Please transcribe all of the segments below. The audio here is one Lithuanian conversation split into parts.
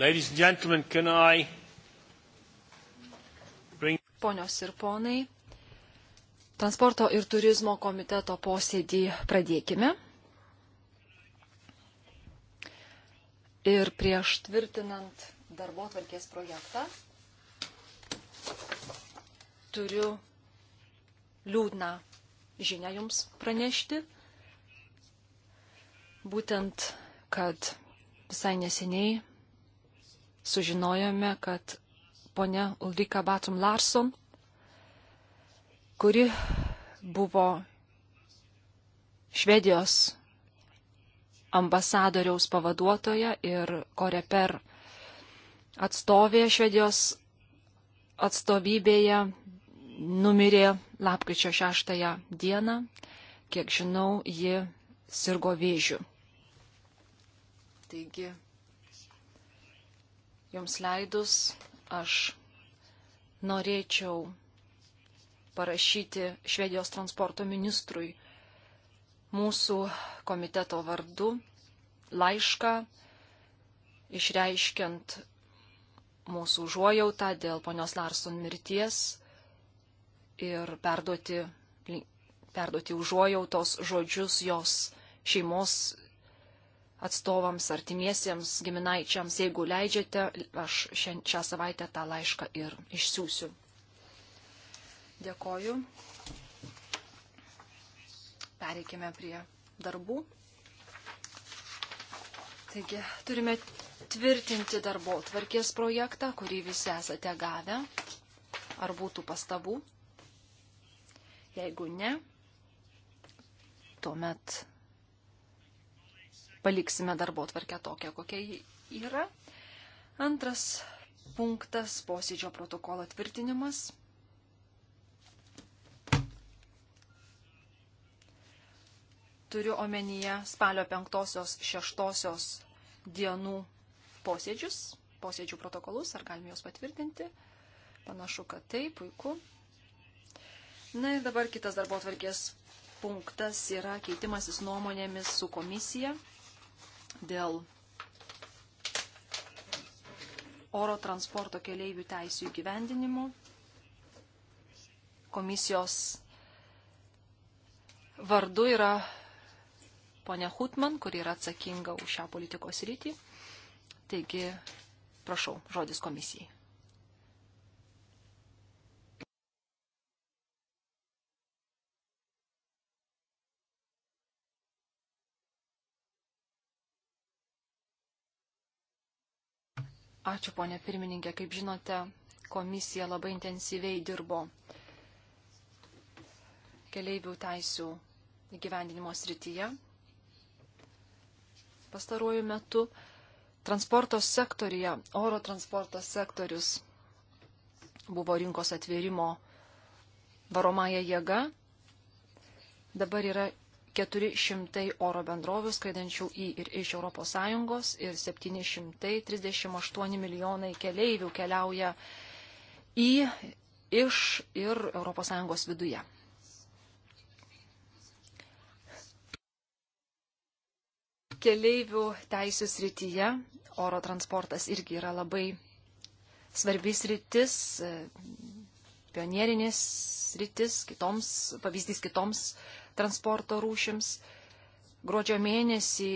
Ladies and gentlemen, can I bring... Ponios ir ponai, transporto ir turizmo komiteto posėdį pradėkime. Ir prieš tvirtinant darbo tvarkės projektą turiu liūdną žinę jums pranešti. Būtent, kad visai neseniai sužinojome, kad ponia Ulrika Batum Larson, kuri buvo Švedijos ambasadoriaus pavaduotoja ir koreper atstovė Švedijos atstovybėje, numirė lapkričio 6 dieną. Kiek žinau, ji sirgo vėžių. Taigi Jums leidus, aš norėčiau parašyti Švedijos transporto ministrui mūsų komiteto vardu laišką, išreiškiant mūsų užuojautą dėl ponios Larson mirties ir perduoti, perduoti užuojautos žodžius jos šeimos atstovams, artimiesiems, giminaičiams. Jeigu leidžiate, aš šią savaitę tą laišką ir išsiųsiu. Dėkoju. Pereikime prie darbų. Taigi, turime tvirtinti darbo tvarkės projektą, kurį visi esate gavę. Ar būtų pastabų? Jeigu ne, tuomet paliksime darbo tvarkę tokią, kokia ji yra. Antras punktas - posėdžio protokolo tvirtinimas. Turiu omenyje spalio 5-6 dienų posėdžius, posėdžių protokolus, ar galime juos patvirtinti. Panašu, kad taip, puiku. Na ir dabar kitas darbo atvarkės punktas yra keitimasis nuomonėmis su komisija dėl oro transporto keleivių teisų įgyvendinimo. Komisijos vardu yra ponia Hutman, kuri yra atsakinga už šią politikos rytį. Taigi, prašau, žodis komisijai. Ačiū, ponė pirmininkė. Kaip žinote, komisija labai intensyviai dirbo keleivių teisų įgyvendinimo srityje. Pastaruoju metu transporto sektorija, oro transporto sektorius buvo rinkos atvėrimo varomąją jėgą. Dabar yra 400 oro bendrovių skraidančių į ir iš ES ir 738 milijonai keleivių keliauja į, iš ir ES viduje. Keleivių teisų srityje oro transportas irgi yra labai svarbis rytis, e, pionierinės rytis, kitoms, pavyzdys kitoms transporto rūšims. Gruodžio mėnesį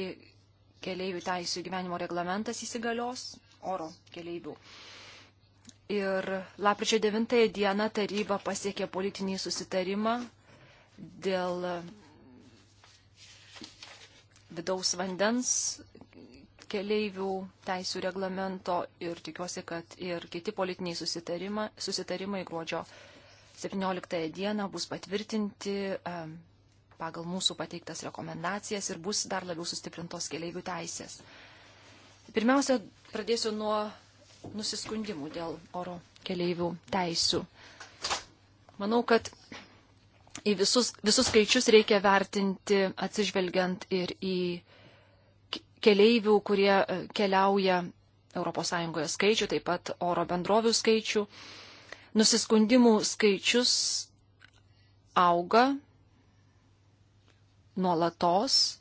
keleivių teisų gyvenimo reglamentas įsigalios oro keleivių. Ir lapkričio 9 dieną taryba pasiekė politinį susitarimą dėl vidaus vandens keleivių teisų reglamento ir tikiuosi, kad ir kiti politiniai susitarimai gruodžio 17 dieną bus patvirtinti pagal mūsų pateiktas rekomendacijas ir bus dar labiau sustiprintos keliaivių teisės. Pirmiausia, pradėsiu nuo nusiskundimų dėl oro keliaivių teisių. Manau, kad į visus, visus skaičius reikia vertinti atsižvelgiant ir į keleivių, kurie e, keliauja ES skaičių, taip pat oro bendrovių skaičių. Nusiskundimų skaičius auga nuolatos.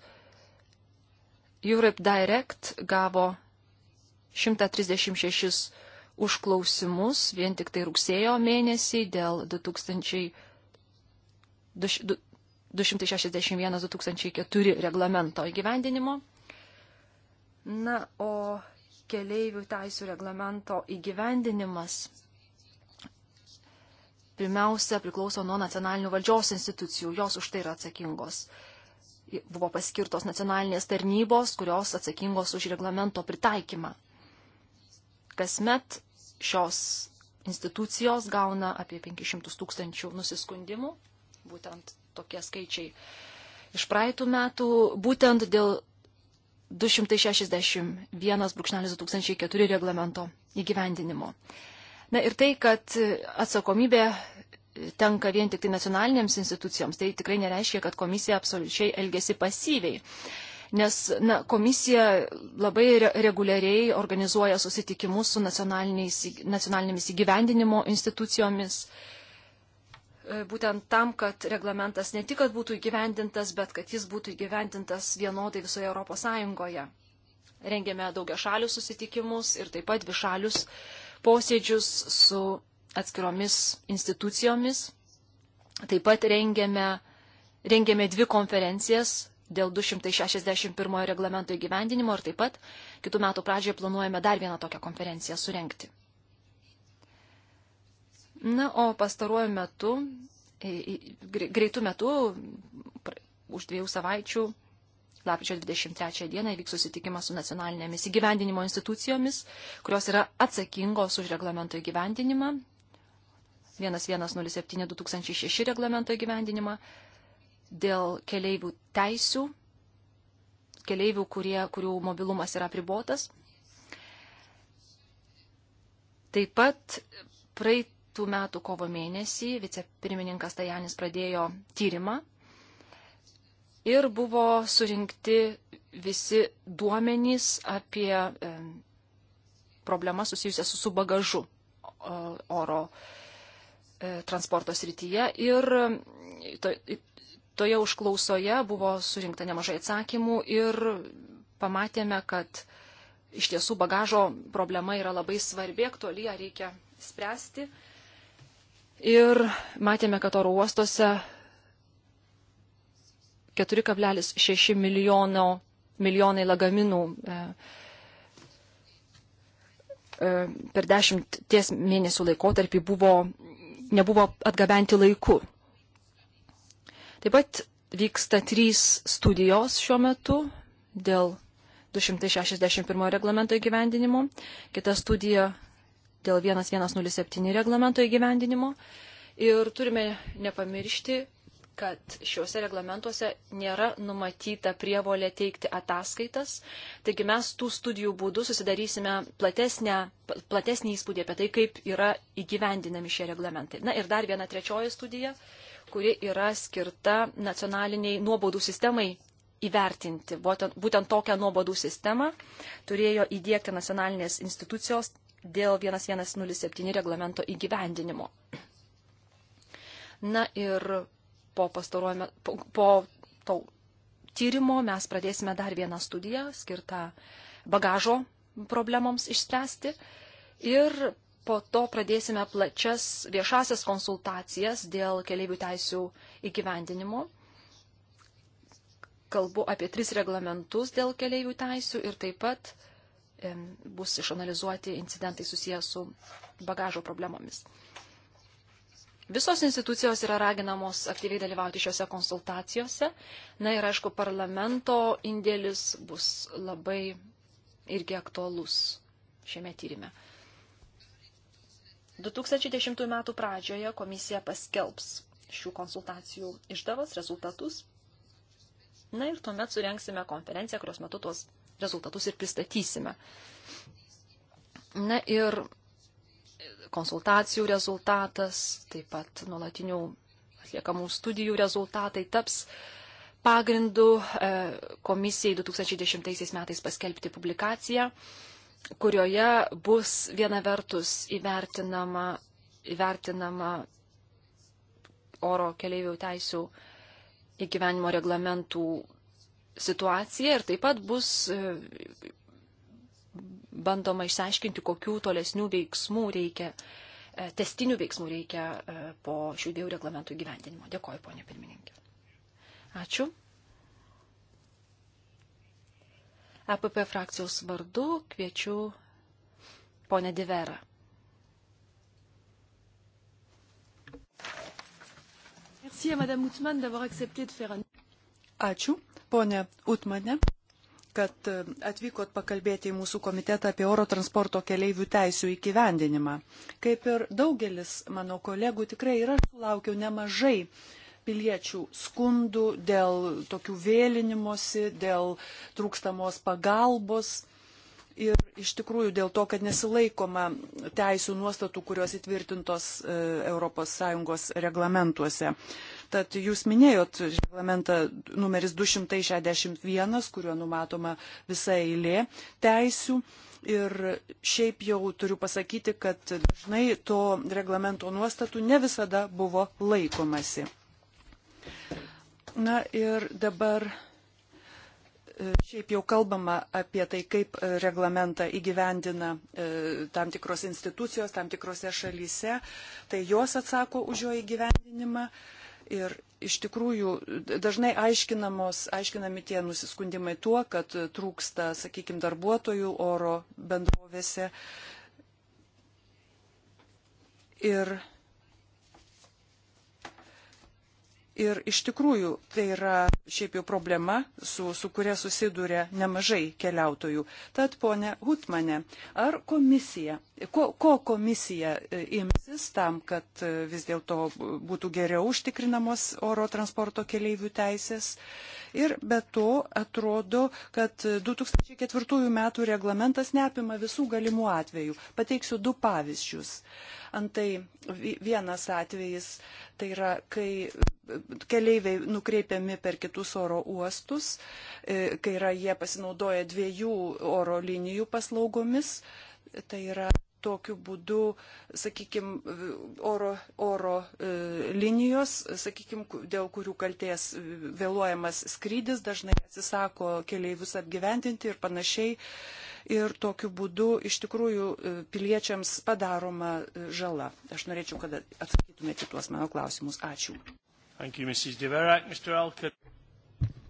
Europe Direct gavo 136 užklausimus vien tik tai rugsėjo mėnesį dėl 2000. 261-2004 reglamento įgyvendinimo. Na, o keleivių teisų reglamento įgyvendinimas pirmiausia priklauso nuo nacionalinių valdžios institucijų, jos už tai yra atsakingos buvo paskirtos nacionalinės tarnybos, kurios atsakingos už reglamento pritaikymą. Kasmet šios institucijos gauna apie 500 tūkstančių nusiskundimų, būtent tokie skaičiai iš praeitų metų, būtent dėl 261.2004 reglamento įgyvendinimo. Na ir tai, kad atsakomybė tenka vien tik tai nacionalinėms institucijoms, tai tikrai nereiškia, kad komisija absoliučiai elgesi pasyviai. Nes na, komisija labai re reguliariai organizuoja susitikimus su nacionalinėmis įgyvendinimo institucijomis, e, būtent tam, kad reglamentas ne tik, kad būtų įgyvendintas, bet kad jis būtų įgyvendintas vienodai visoje Europos Sąjungoje. Rengėme daugia šalių susitikimus ir taip pat višalius posėdžius su atskiromis institucijomis. Taip pat rengėme, rengėme dvi konferencijas dėl 261 reglamento įgyvendinimo ir taip pat kitų metų pradžioje planuojame dar vieną tokią konferenciją surenkti. Na, o pastaruoju metu, greitų metų, už dviejų savaičių, lapkričio 23 dieną įvyks susitikimas su nacionalinėmis įgyvendinimo institucijomis, kurios yra atsakingos už reglamento įgyvendinimą 1107-2006 reglamento įgyvendinimą dėl keleivių teisių, keleivių, kurie, kurių mobilumas yra pribotas. Taip pat praeitų metų kovo mėnesį vicepirmininkas Tajanis pradėjo tyrimą ir buvo surinkti visi duomenys apie problemą susijusią su bagažu oro E, transporto srityje ir e, to, toje užklausoje buvo surinkta nemažai atsakymų ir pamatėme, kad iš tiesų bagažo problema yra labai svarbi, aktuali, ją reikia spręsti. Ir matėme, kad oro uostuose 4,6 milijono, milijonai lagaminų e, e, per dešimties mėnesių laikotarpį buvo nebuvo atgabenti laiku. Taip pat vyksta trys studijos šiuo metu dėl 261 reglamento įgyvendinimo, kita studija dėl 1107 reglamento įgyvendinimo. Ir turime nepamiršti, kad šiuose reglamentuose nėra numatyta prievolė teikti ataskaitas. Taigi mes tų studijų būdų susidarysime platesnę, platesnį įspūdį apie tai, kaip yra įgyvendinami šie reglamentai. Na ir dar viena trečioji studija, kuri yra skirta nacionaliniai nuobaudų sistemai įvertinti. Būtent, būtent tokią nuobaudų sistemą turėjo įdėkti nacionalinės institucijos dėl 1107 reglamento įgyvendinimo. Na ir po, po, po to tyrimo mes pradėsime dar vieną studiją skirtą bagažo problemoms išspręsti ir po to pradėsime plačias viešasias konsultacijas dėl keliaivių teisių įgyvendinimo. Kalbu apie tris reglamentus dėl keliaivių teisių ir taip pat bus išanalizuoti incidentai susijęs su bagažo problemomis. Visos institucijos yra raginamos aktyviai dalyvauti šiuose konsultacijose. Na ir aišku, parlamento indėlis bus labai irgi aktualus šiame tyrimė. 2010 m. pradžioje komisija paskelbs šių konsultacijų išdavas rezultatus. Na ir tuomet surenksime konferenciją, kurios metu tuos rezultatus ir pristatysime. Na ir konsultacijų rezultatas, taip pat nuolatinių atliekamų studijų rezultatai taps pagrindu e, komisijai 2010 metais paskelbti publikaciją, kurioje bus viena vertus įvertinama, įvertinama oro keliaivių teisų įgyvenimo reglamentų situacija ir taip pat bus e, bandoma išsiaiškinti, kokių tolesnių veiksmų reikia, e, testinių veiksmų reikia e, po šių dviejų reglamentų gyvendinimo. Dėkoju, ponė pirmininkė. Ačiū. EPP frakcijos vardu kviečiu ponę Diverą. Ačiū, ponė Utmane, kad e, atvykot pakalbėti į mūsų komitetą apie oro transporto keleivių teisų įgyvendinimą. Kaip ir daugelis mano kolegų, tikrai ir aš sulaukiau nemažai piliečių skundų dėl tokių vėlinimosi, dėl trūkstamos pagalbos. Ir iš tikrųjų dėl to, kad nesilaikoma teisų nuostatų, kurios įtvirtintos ES reglamentuose. Tad jūs minėjot reglamentą numeris 261, kuriuo numatoma visa eilė teisių. Ir šiaip jau turiu pasakyti, kad dažnai to reglamento nuostatų ne visada buvo laikomasi. Na ir dabar e, šiaip jau kalbama apie tai, kaip reglamentą įgyvendina e, tam tikros institucijos, tam tikrose šalyse, tai jos atsako už jo įgyvendinimą. Ir iš tikrųjų dažnai aiškinamos, aiškinami tie nusiskundimai tuo, kad trūksta, sakykime, darbuotojų oro bendrovėse. Ir Ir iš tikrųjų tai yra šiaip jau problema, su, su kuria susiduria nemažai keliautojų. Tad, ponė Hutmane, ar komisija, ko, ko komisija e, imsis tam, kad e, vis dėlto būtų geriau užtikrinamos oro transporto keleivių teisės? Uh, Ir be to atrodo, kad 2004 metų reglamentas neapima visų galimų atvejų. Pateiksiu du pavyzdžius. Antai vienas atvejis tai yra, kai keleiviai nukreipiami per kitus oro uostus, e, kai yra jie pasinaudoja dviejų oro linijų paslaugomis. Tai yra tokiu būdu, sakykime, oro, oro e, linijos, sakykime, dėl kurių kalties vėluojamas skrydis, dažnai atsisako keleivius apgyvendinti ir panašiai. Ir tokiu būdu iš tikrųjų e, piliečiams padaroma e, žala. Aš norėčiau, kad atsakytumėte tuos mano klausimus. Ačiū. Thank you, Mrs. Deverak. Mr. Alkad.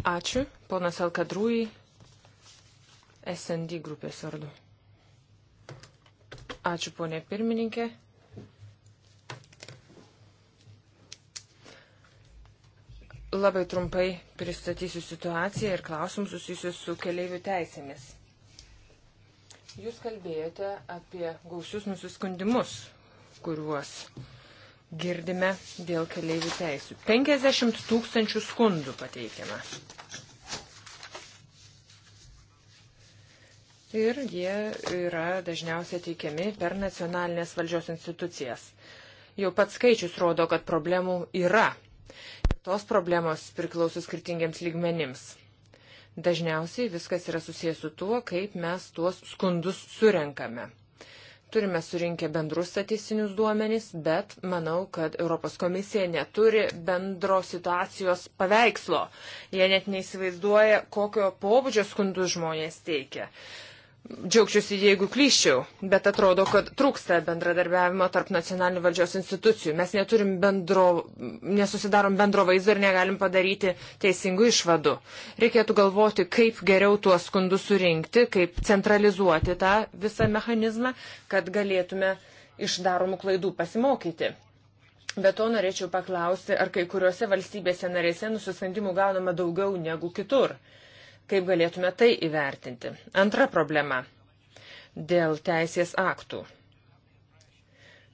Ačiū, ponas Alkadrui, SND grupės vardu. Ačiū, ponė pirmininkė. Labai trumpai pristatysiu situaciją ir klausimus susijusius su keliaivių teisėmis. Jūs kalbėjote apie gausius nusiskundimus, kuriuos girdime dėl keliaivių teisų. 50 tūkstančių skundų pateikiama. ir jie yra dažniausiai teikiami per nacionalinės valdžios institucijas. Jau pats skaičius rodo, kad problemų yra. Ir tos problemos priklauso skirtingiems lygmenims. Dažniausiai viskas yra susijęs su tuo, kaip mes tuos skundus surenkame. Turime surinkę bendrus statistinius duomenys, bet manau, kad Europos komisija neturi bendro situacijos paveikslo. Jie net neįsivaizduoja, kokio pobūdžio skundus žmonės teikia. Uh, džiaugčiausi, jeigu klyščiau, bet atrodo, kad trūksta bendradarbiavimo tarp nacionalinių valdžios institucijų. Mes neturim bendro, nesusidarom bendro vaizdo ir negalim padaryti teisingų išvadų. Reikėtų galvoti, kaip geriau tuos skundus surinkti, kaip centralizuoti tą visą mechanizmą, kad galėtume iš daromų klaidų pasimokyti. Be to norėčiau paklausti, ar kai kuriuose valstybėse narėse nusiskandimų gaunama daugiau negu kitur. Uh, Kaip galėtume tai įvertinti? Antra problema - dėl teisės aktų.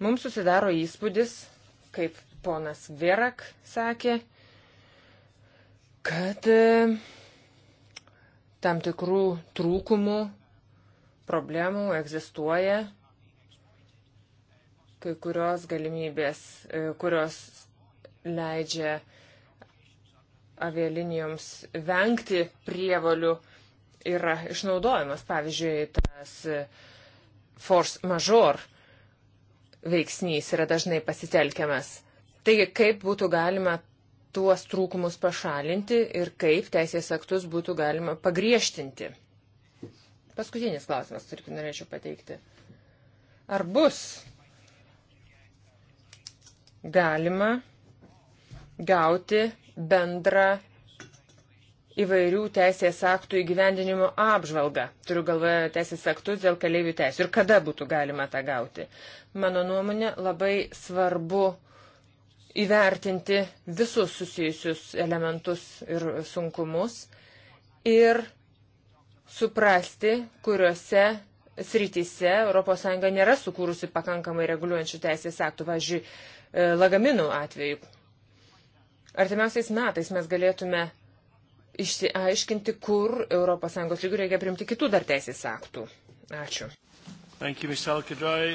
Mums susidaro įspūdis, kaip ponas Verak sakė, kad e, tam tikrų trūkumų, problemų egzistuoja, kai kurios galimybės, e, kurios leidžia uh, avialinijoms vengti prievolių yra išnaudojamas. Pavyzdžiui, tas e, force major veiksnys yra dažnai pasitelkiamas. Taigi, kaip būtų galima tuos trūkumus pašalinti ir kaip teisės aktus būtų galima pagriežtinti. Paskutinis klausimas, kurį norėčiau pateikti. Ar bus galima gauti bendrą įvairių teisės aktų įgyvendinimo apžvalgą. Turiu galvoje teisės aktus dėl keliaivių teisų. Ir kada būtų galima tą gauti? Mano nuomonė, labai svarbu įvertinti visus susijusius elementus ir sunkumus ir suprasti, kuriuose srityse ES nėra sukūrusi pakankamai reguliuojančių teisės aktų. Važiuoju, e, lagaminų atveju artimiausiais metais mes galėtume išsiaiškinti, kur ES lygių reikia priimti kitų dar teisės aktų. Ačiū. Thank you, Ms. Alkadrai.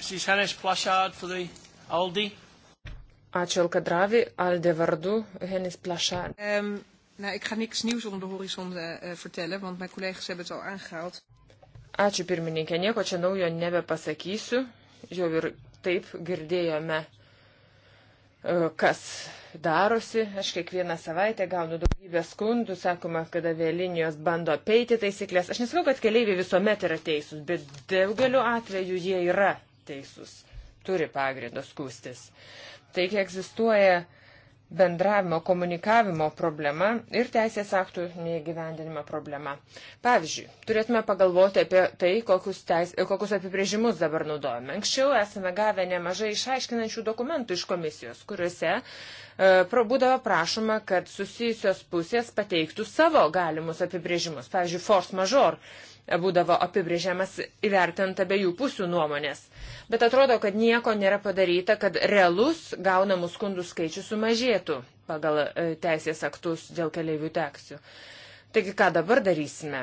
Mrs. Hennis Plashard for the Aldi. Ačiū Alkadravi, Alde vardu, Hennis Plashard. Um, ehm, nou, ik ga niks nieuws onder de horizon uh, vertellen, want mijn collega's hebben het al aangehaald. Ačiū pirmininkė, nieko čia naujo nebepasakysiu. Jau ir taip girdėjome E, kas darosi. Aš kiekvieną savaitę gaunu daugybę skundų, sakoma, kad avialinijos bando apeiti taisyklės. Aš nesakau, kad keleiviai visuomet yra teisūs, bet daugeliu atveju jie yra teisūs, turi pagrindą skūstis. Taigi egzistuoja uh, bendravimo, komunikavimo problema ir teisės aktų neįgyvendinimo problema. Pavyzdžiui, turėtume pagalvoti apie tai, kokius, teis, kokius apibrėžimus dabar naudojame. Anksčiau esame gavę nemažai išaiškinančių dokumentų iš komisijos, kuriuose e, būdavo prašoma, kad susijusios pusės pateiktų savo galimus apibrėžimus. Pavyzdžiui, force major būdavo apibrėžiamas įvertinant abiejų pusių nuomonės. Bet atrodo, kad nieko nėra padaryta, kad realus gaunamų skundų skaičius sumažėtų pagal e, teisės aktus dėl keliaivių teksijų. Taigi, ką dabar darysime?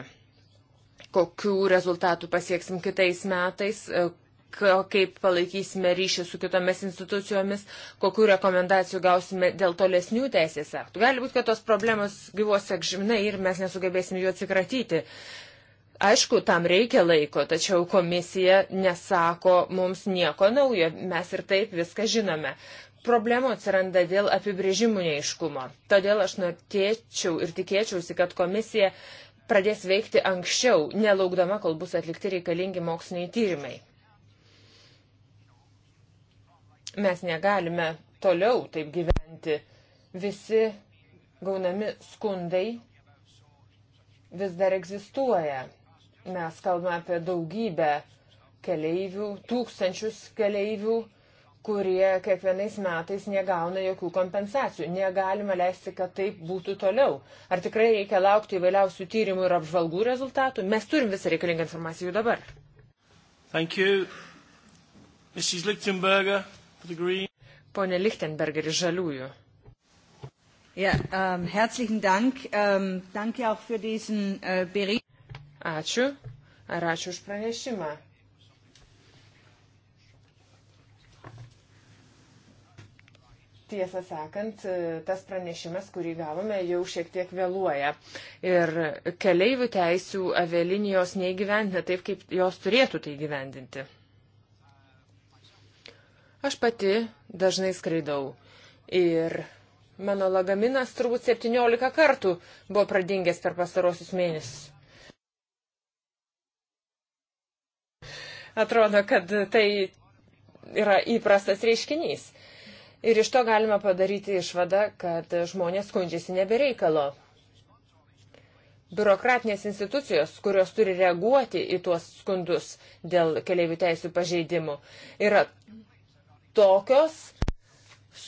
Kokių rezultatų pasieksim kitais metais? E, kaip palaikysime ryšį su kitomis institucijomis, kokiu rekomendacijų gausime dėl tolesnių teisės aktų. Gali būti, kad tos problemos gyvos sekžimnai ir mes nesugebėsime jų atsikratyti. Aišku, tam reikia laiko, tačiau komisija nesako mums nieko naujo, mes ir taip viską žinome. Problemų atsiranda dėl apibrėžimų neiškumo. Todėl aš norėčiau ir tikėčiausi, kad komisija pradės veikti anksčiau, nelaukdama, kol bus atlikti reikalingi moksliniai tyrimai. Mes negalime toliau taip gyventi. Visi gaunami skundai vis dar egzistuoja Mes kalbame apie daugybę keleivių, tūkstančius keleivių, kurie kiekvienais metais negauna jokių kompensacijų. Negalima leisti, kad taip būtų toliau. Ar tikrai reikia laukti įvairiausių tyrimų ir apžvalgų rezultatų? Mes turim visą reikalingą informaciją jau dabar. Thank you. Mrs. Lichtenberger for the Green. Pone Lichtenberger iš Žaliųjų. Ja, um, herzlichen Dank. Um, danke auch für diesen uh, Bericht. Ačiū. Ar ačiū už pranešimą? tiesą sakant, tas pranešimas, kurį gavome, jau šiek tiek vėluoja. Ir keleivių teisių avialinijos neįgyvendina taip, kaip jos turėtų tai gyvendinti. Aš pati dažnai skraidau. Ir mano lagaminas turbūt 17 kartų buvo pradingęs per pastarosius mėnesius. Atrodo, kad tai yra įprastas reiškinys. Ir iš to galima padaryti išvadą, kad žmonės skundžiasi nebereikalo. Biurokratinės institucijos, kurios turi reaguoti į tuos skundus dėl keliaivių teisų pažeidimų, yra tokios,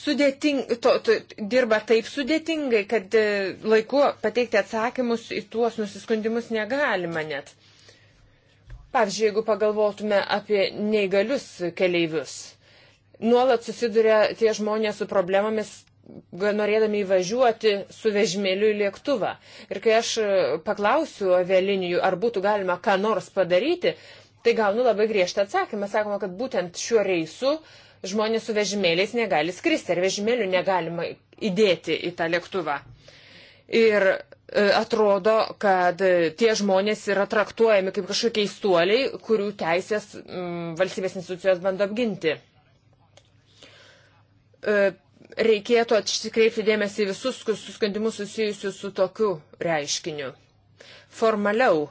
sudėting, to, to, dirba taip sudėtingai, kad e, laiku pateikti atsakymus į tuos nusiskundimus negalima net. Pavyzdžiui, jeigu pagalvotume apie neįgalius keleivius, nuolat susiduria tie žmonės su problemomis norėdami įvažiuoti su vežimėliu į lėktuvą. Ir kai aš e, paklausiu avialinijų, ar būtų galima ką nors padaryti, tai gaunu labai griežtą atsakymą. Sakoma, kad būtent šiuo reisu žmonės su vežimėliais negali skristi, ar vežimėlių negalima įdėti į tą lėktuvą. Ir E, atrodo, kad tie žmonės yra traktuojami kaip kažkokie keistuoliai, kurių teisės mm, valstybės institucijos bando apginti. E, reikėtų atsikreipti dėmesį visus suskandimus susijusius su tokiu reiškiniu. Formaliau,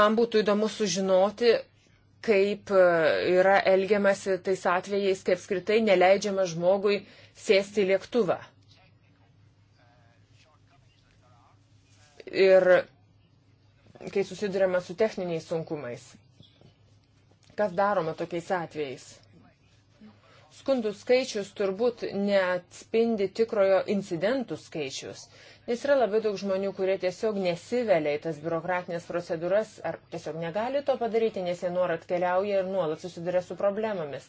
man būtų įdomu sužinoti, kaip e, yra elgiamasi tais atvejais, kaip skritai neleidžiama žmogui sėsti į lėktuvą. ir kai susidurėme su techniniais sunkumais. Kas daroma tokiais atvejais? Skundų skaičius turbūt neatspindi tikrojo incidentų skaičius, nes yra labai daug žmonių, kurie tiesiog nesivelia į tas biurokratinės procedūras ar tiesiog negali to padaryti, nes jie nuolat keliauja ir nuolat susiduria su problemomis.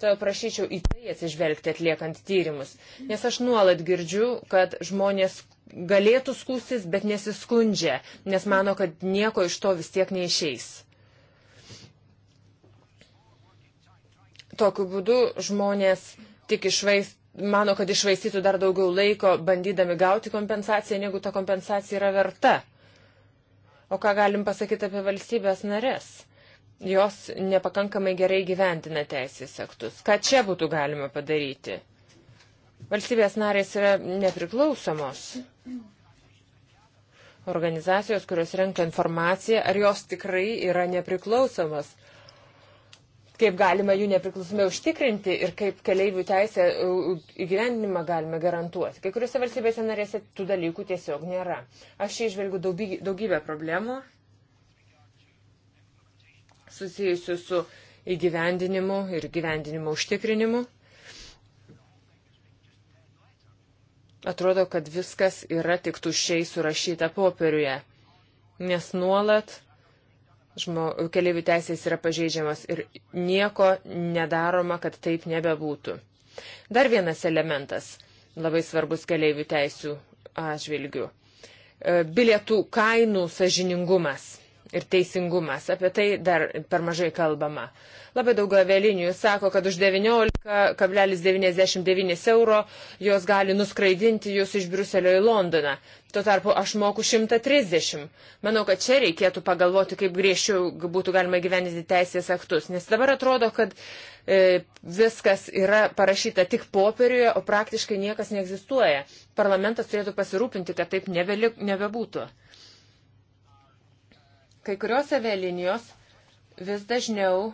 Todėl prašyčiau į tai atsižvelgti atliekant tyrimus. Nes aš nuolat girdžiu, kad žmonės galėtų skūstis, bet nesiskundžia, nes mano, kad nieko iš to vis tiek neišeis. Tokiu būdu žmonės tik išvaist, mano, kad išvaistytų dar daugiau laiko, bandydami gauti kompensaciją, negu ta kompensacija yra verta. O ką galim pasakyti apie valstybės narės? jos nepakankamai gerai gyventina teisės aktus. Ką čia būtų galima padaryti? Valstybės narės yra nepriklausomos organizacijos, kurios renka informaciją, ar jos tikrai yra nepriklausomas. Kaip galima jų nepriklausomai užtikrinti ir kaip keleivių teisę įgyvendinimą galime garantuoti. Kai kuriuose valstybėse narėse tų dalykų tiesiog nėra. Aš išvelgiu daugybę problemų susijusių su įgyvendinimu ir gyvendinimo užtikrinimu. Atrodo, kad viskas yra tik tuščiai surašyta popieriuje, nes nuolat žmo, keliaivių teisės yra pažeidžiamas ir nieko nedaroma, kad taip nebebūtų. Dar vienas elementas labai svarbus keliaivių teisų atžvilgių e, - bilietų kainų sažiningumas ir teisingumas. Apie tai dar per mažai kalbama. Labai daug avialinijų sako, kad už 19,99 euro jos gali nuskraidinti jūs iš Bruselio į Londoną. Tuo tarpu aš moku 130. Manau, kad čia reikėtų pagalvoti, kaip griežčiau būtų galima gyveninti teisės aktus. Nes dabar atrodo, kad e, viskas yra parašyta tik popieriuje, o praktiškai niekas neegzistuoja. Parlamentas turėtų pasirūpinti, kad taip nebelik, nebebūtų. Kai kurios avialinijos vis dažniau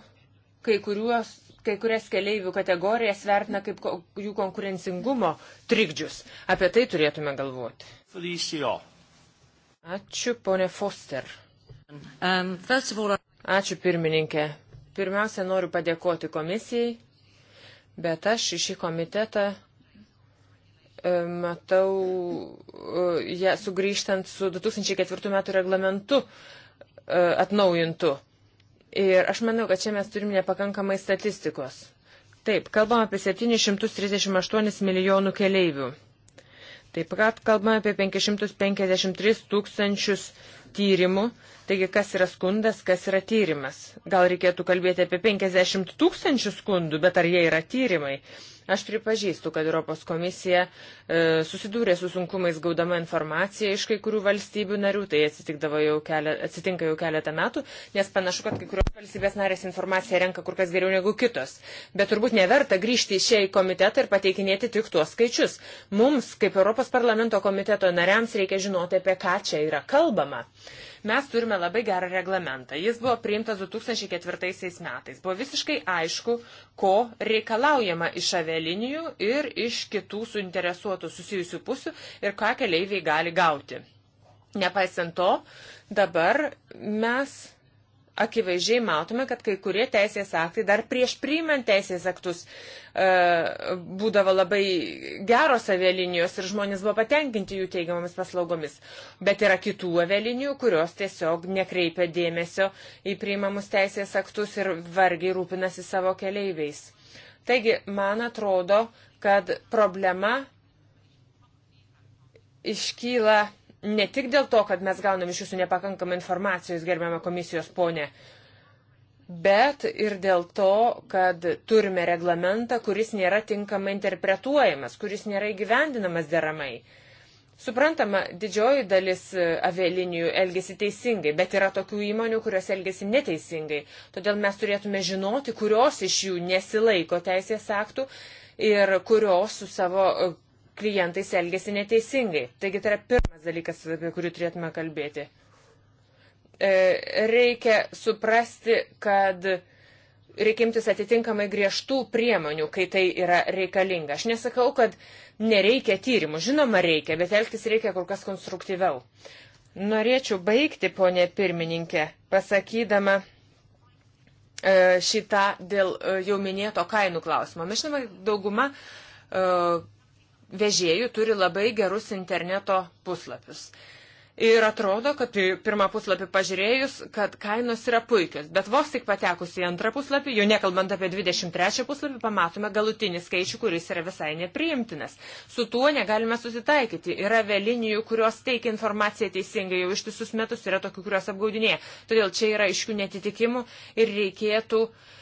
kai, kuriuos, kai kurias keleivių kategorijas vertina kaip ko, jų konkurencingumo trikdžius. Apie tai turėtume galvoti. Felicio. Ačiū, ponė Foster. Um, all... Ačiū, pirmininkė. Pirmiausia, noriu padėkoti komisijai, bet aš į šį komitetą e, matau ją e, ja, sugrįžtant su 2004 metų reglamentu E, atnaujintų. Ir aš manau, kad čia mes turim nepakankamai statistikos. Taip, kalbam apie 738 milijonų keleivių. Taip pat kalbame apie 553 tūkstančius tyrimų. Taigi, kas yra skundas, kas yra tyrimas? Gal reikėtų kalbėti apie 50 tūkstančių skundų, bet ar jie yra tyrimai? Aš pripažįstu, kad Europos komisija e, susidūrė su sunkumais gaudama informaciją iš kai kurių valstybių narių, tai jau kelia, atsitinka jau keletą metų, nes panašu, kad kai kurios valstybės narės informaciją renka kur kas geriau negu kitos. Bet turbūt neverta grįžti į šią į komitetą ir pateikinėti tik tuos skaičius. Mums, kaip Europos parlamento komiteto nariams, reikia žinoti, apie ką čia yra kalbama. Mes turime labai gerą reglamentą. Jis buvo priimtas 2004 metais. Buvo visiškai aišku, ko reikalaujama iš avelinijų ir iš kitų suinteresuotų susijusių pusių ir ką keleiviai gali gauti. Nepaisant to, dabar mes akivaizdžiai matome, kad kai kurie teisės aktai dar prieš priimant teisės aktus e, būdavo labai geros avialinijos ir žmonės buvo patenkinti jų teigiamomis paslaugomis. Bet yra kitų avialinijų, kurios tiesiog nekreipia dėmesio į priimamus teisės aktus ir vargiai rūpinasi savo keleiviais. Taigi, man atrodo, kad problema iškyla Ne tik dėl to, kad mes gaunam iš jūsų nepakankamą informacijos, gerbiamą komisijos ponę, bet ir dėl to, kad turime reglamentą, kuris nėra tinkamai interpretuojamas, kuris nėra įgyvendinamas deramai. Suprantama, didžioji dalis e, avialinijų elgesi teisingai, bet yra tokių įmonių, kurios elgesi neteisingai. Todėl mes turėtume žinoti, kurios iš jų nesilaiko teisės aktų ir kurios su savo e, klientais elgesi neteisingai. Taigi tai yra pirmas dalykas, apie kurį turėtume kalbėti. E, reikia suprasti, kad reikia imtis atitinkamai griežtų priemonių, kai tai yra reikalinga. Aš nesakau, kad nereikia tyrimų. Žinoma, reikia, bet elgtis reikia kur kas konstruktyviau. Norėčiau baigti, ponė pirmininkė, pasakydama e, šitą dėl e, jau minėto kainų klausimo. Mes žinoma, dauguma vežėjų turi labai gerus interneto puslapius. Ir atrodo, kad į pirmą puslapį pažiūrėjus, kad kainos yra puikios, bet vos tik patekus į antrą puslapį, jau nekalbant apie 23 puslapį, pamatome galutinį skaičių, kuris yra visai nepriimtinas. Su tuo negalime susitaikyti. Yra vėlinijų, kurios teikia informaciją teisingai jau ištisus metus, yra tokių, kurios apgaudinėja. Todėl čia yra iškių netitikimų ir reikėtų uh,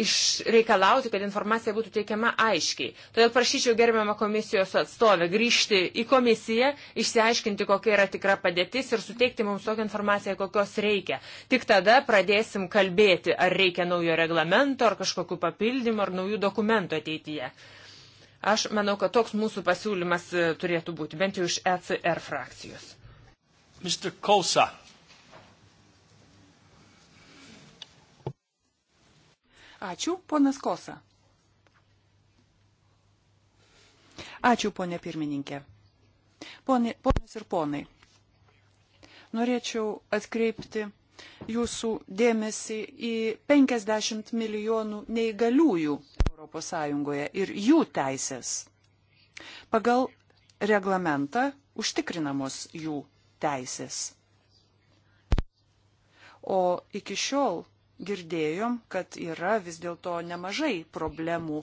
išreikalauti, kad informacija būtų teikiama aiškiai. Todėl prašyčiau gerbiamą komisijos atstovę grįžti į komisiją, išsiaiškinti, kokia yra tikra padėtis ir suteikti mums tokią informaciją, kokios reikia. Tik tada pradėsim kalbėti, ar reikia naujo reglamento, ar kažkokiu papildymu, ar naujų dokumentų ateityje. Aš manau, kad toks mūsų pasiūlymas e, turėtų būti, bent jau iš ECR frakcijos. Mr. Kosa. Ačiū, ponas Kosa. Ačiū, ponė pirmininkė. Pone, ponios ir ponai, norėčiau atkreipti jūsų dėmesį į 50 milijonų neįgaliųjų ES ir jų teisės. Pagal reglamentą užtikrinamos jų teisės. O iki šiol girdėjom, kad yra vis dėlto nemažai problemų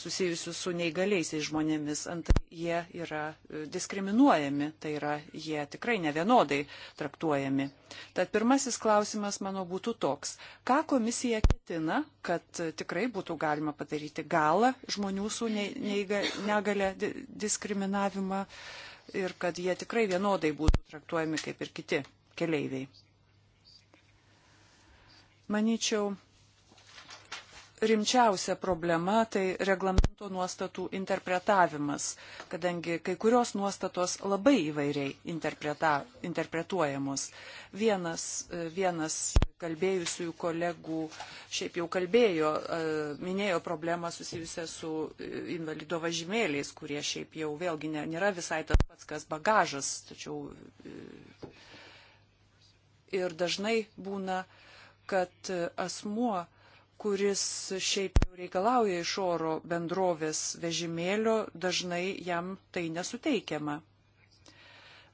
susijusių su neįgaliaisiais žmonėmis. Antai jie yra e, diskriminuojami, tai yra jie tikrai nevienodai traktuojami. Tad pirmasis klausimas, manau, būtų toks. Ką komisija ketina, kad e, tikrai būtų galima padaryti galą žmonių su negale diskriminavimą ir kad jie tikrai vienodai būtų traktuojami kaip ir kiti keleiviai? Maničiau, rimčiausia problema tai reglamento nuostatų interpretavimas, kadangi kai kurios nuostatos labai įvairiai interpretuojamos. Vienas, vienas kalbėjusių kolegų šiaip jau kalbėjo, e, minėjo problemą susijusią su e, invalido važymėliais, kurie šiaip jau vėlgi nėra visai tas pats, kas bagažas, tačiau e, ir dažnai būna uh, kad asmuo, kuris šiaip jau reikalauja iš oro bendrovės vežimėlio, dažnai jam tai nesuteikiama.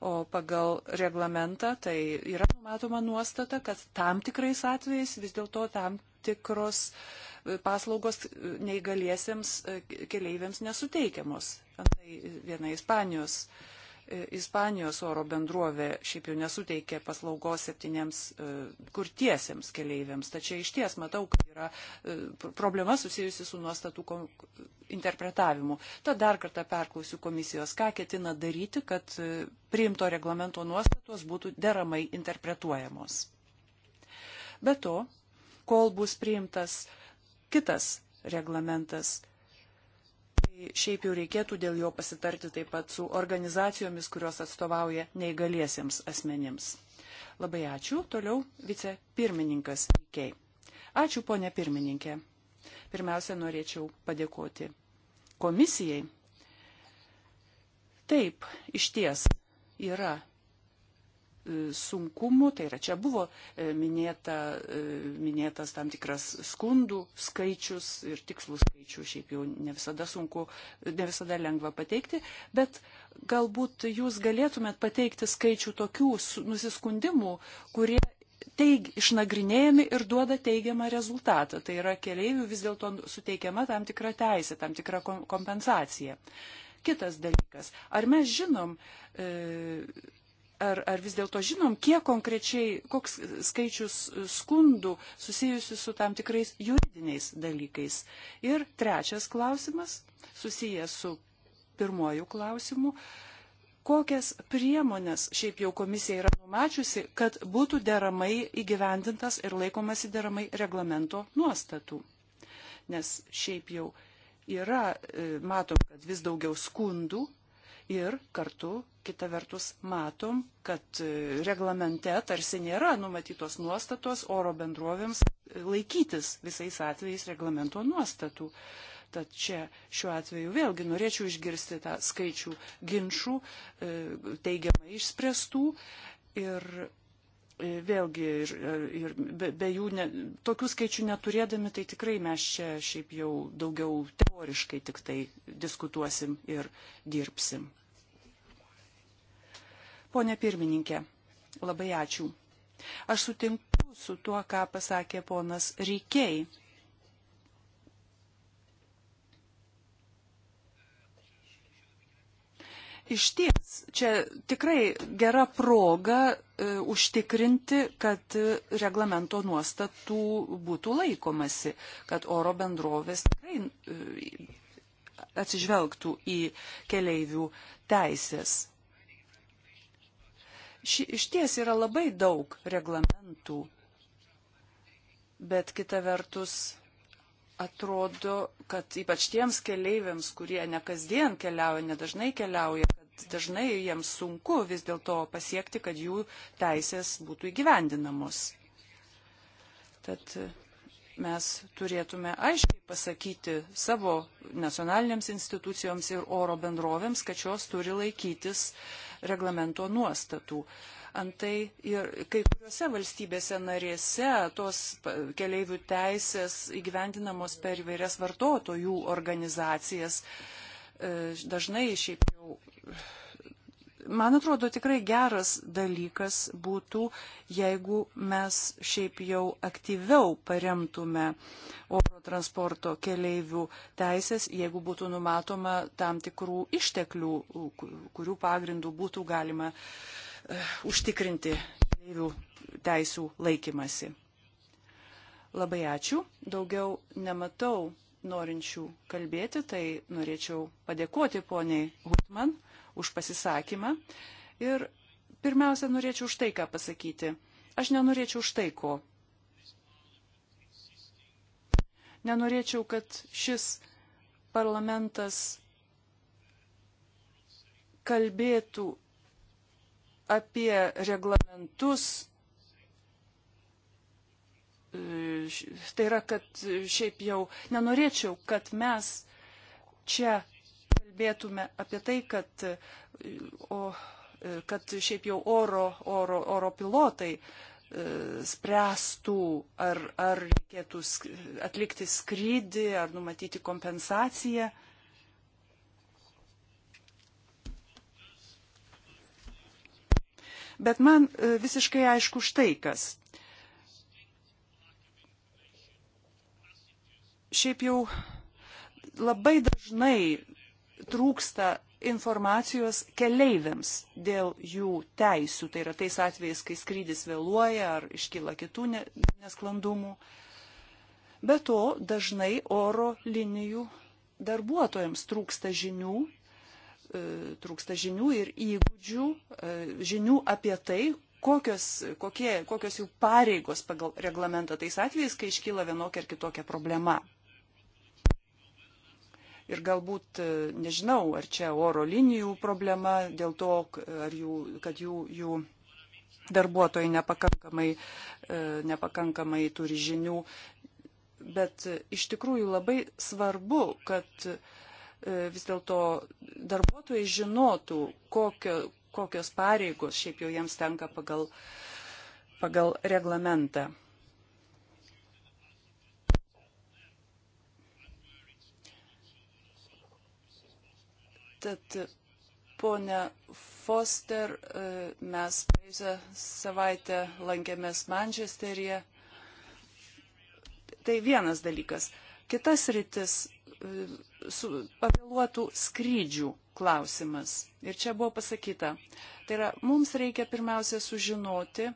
O pagal reglamentą tai yra numatoma nuostata, kad tam tikrais atvejais vis dėlto tam tikros e, paslaugos e, neįgaliesiems e, keleiviams nesuteikiamos. Antai viena Ispanijos uh, E, Ispanijos oro bendrovė šiaip jau nesuteikė paslaugos septyniems e, kurtiesiems keleiviams. Tačiau iš ties matau, kad yra e, problema susijusi su nuostatų interpretavimu. Tad dar kartą perklausiu komisijos, ką ketina daryti, kad priimto reglamento nuostatos būtų deramai interpretuojamos. Be to, kol bus priimtas kitas reglamentas Šiaip jau reikėtų dėl jo pasitarti taip pat su organizacijomis, kurios atstovauja neįgaliesiems asmenims. Labai ačiū. Toliau vicepirmininkas Kei. Ačiū, ponė pirmininkė. Pirmiausia, norėčiau padėkoti komisijai. Taip, iš ties yra E, sunkumų, tai yra čia buvo e, minėta, e, minėtas tam tikras skundų skaičius ir tikslų skaičių, šiaip jau ne visada sunku, ne visada lengva pateikti, bet galbūt jūs galėtumėt pateikti skaičių tokių nusiskundimų, kurie teig, išnagrinėjami ir duoda teigiamą rezultatą. Tai yra keliaivių vis dėlto suteikiama tam tikra teisė, tam tikra kompensacija. Kitas dalykas, ar mes žinom, e, ar, ar vis dėlto žinom, kiek konkrečiai, koks skaičius skundų susijusių su tam tikrais juridiniais dalykais. Ir trečias klausimas, susijęs su pirmoju klausimu, kokias priemonės šiaip jau komisija yra numačiusi, kad būtų deramai įgyvendintas ir laikomasi deramai reglamento nuostatų. Nes šiaip jau yra, e, matom, kad vis daugiau skundų ir kartu kita vertus matom, kad e, reglamente tarsi nėra numatytos nuostatos oro bendrovėms e, laikytis visais atvejais reglamento nuostatų. Tad čia šiuo atveju vėlgi norėčiau išgirsti tą skaičių ginčių e, teigiamai išspręstų ir vėlgi ir, ir be, be jų ne, tokių skaičių neturėdami, tai tikrai mes čia šiaip jau daugiau teoriškai tik tai diskutuosim ir dirbsim. Pone pirmininkė, labai ačiū. Aš sutinku su tuo, ką pasakė ponas Rykiai. Iš ties, čia tikrai gera proga e, užtikrinti, kad e, reglamento nuostatų būtų laikomasi, kad oro bendrovės tikrai e, atsižvelgtų į keleivių teisės ši, iš ties yra labai daug reglamentų, bet kita vertus atrodo, kad ypač tiems keleiviams, kurie ne kasdien keliauja, nedažnai keliauja, kad dažnai jiems sunku vis dėlto pasiekti, kad jų teisės būtų įgyvendinamos. Tad mes turėtume aiškiai pasakyti savo nacionalinėms institucijoms ir oro bendrovėms, kad šios turi laikytis uh, reglamento nuostatų. Antai ir kai kuriuose valstybėse narėse tos keleivių teisės įgyvendinamos per įvairias vartotojų organizacijas. E, dažnai šiaip jau. Man atrodo, tikrai geras dalykas būtų, jeigu mes šiaip jau aktyviau paremtume oro transporto keleivių teisės, jeigu būtų numatoma tam tikrų išteklių, kurių pagrindų būtų galima e, užtikrinti keleivių teisų laikymasi. Labai ačiū. Daugiau nematau norinčių kalbėti, tai norėčiau padėkoti poniai Hutman už pasisakymą. Ir pirmiausia, norėčiau štai ką pasakyti. Aš nenorėčiau štai ko Nenorėčiau, kad šis parlamentas kalbėtų apie reglamentus. Tai yra, kad šiaip jau nenorėčiau, kad mes čia kalbėtume apie tai, kad, o, kad šiaip jau oro, oro, oro pilotai uh, E, spręstų, ar, ar reikėtų atlikti skrydį, ar numatyti kompensaciją. Bet man e, visiškai aišku štai kas. Šiaip jau labai dažnai trūksta informacijos keleiviams dėl jų teisių, tai yra tais atvejais, kai skrydis vėluoja ar iškyla kitų nesklandumų. Be to, dažnai oro linijų darbuotojams trūksta žinių, e, trūksta žinių ir įgūdžių, e, žinių apie tai, kokios, kokie, kokios jų pareigos pagal reglamentą tais atvejais, kai iškyla vienokia ar kitokia problema. Ir galbūt, e, nežinau, ar čia oro linijų problema dėl to, jų, kad jų, jų darbuotojai nepakankamai, e, nepakankamai turi žinių. Bet e, iš tikrųjų labai svarbu, kad vis dėlto darbuotojai žinotų, kokio, kokios pareigos šiaip jau jiems tenka pagal, pagal reglamentą. Tad, ponia Foster, e, mes praėjusią savaitę lankėmės Mančesteryje. Tai vienas dalykas. Kitas rytis e, pavėluotų skrydžių klausimas. Ir čia buvo pasakyta. Tai yra, mums reikia pirmiausia sužinoti,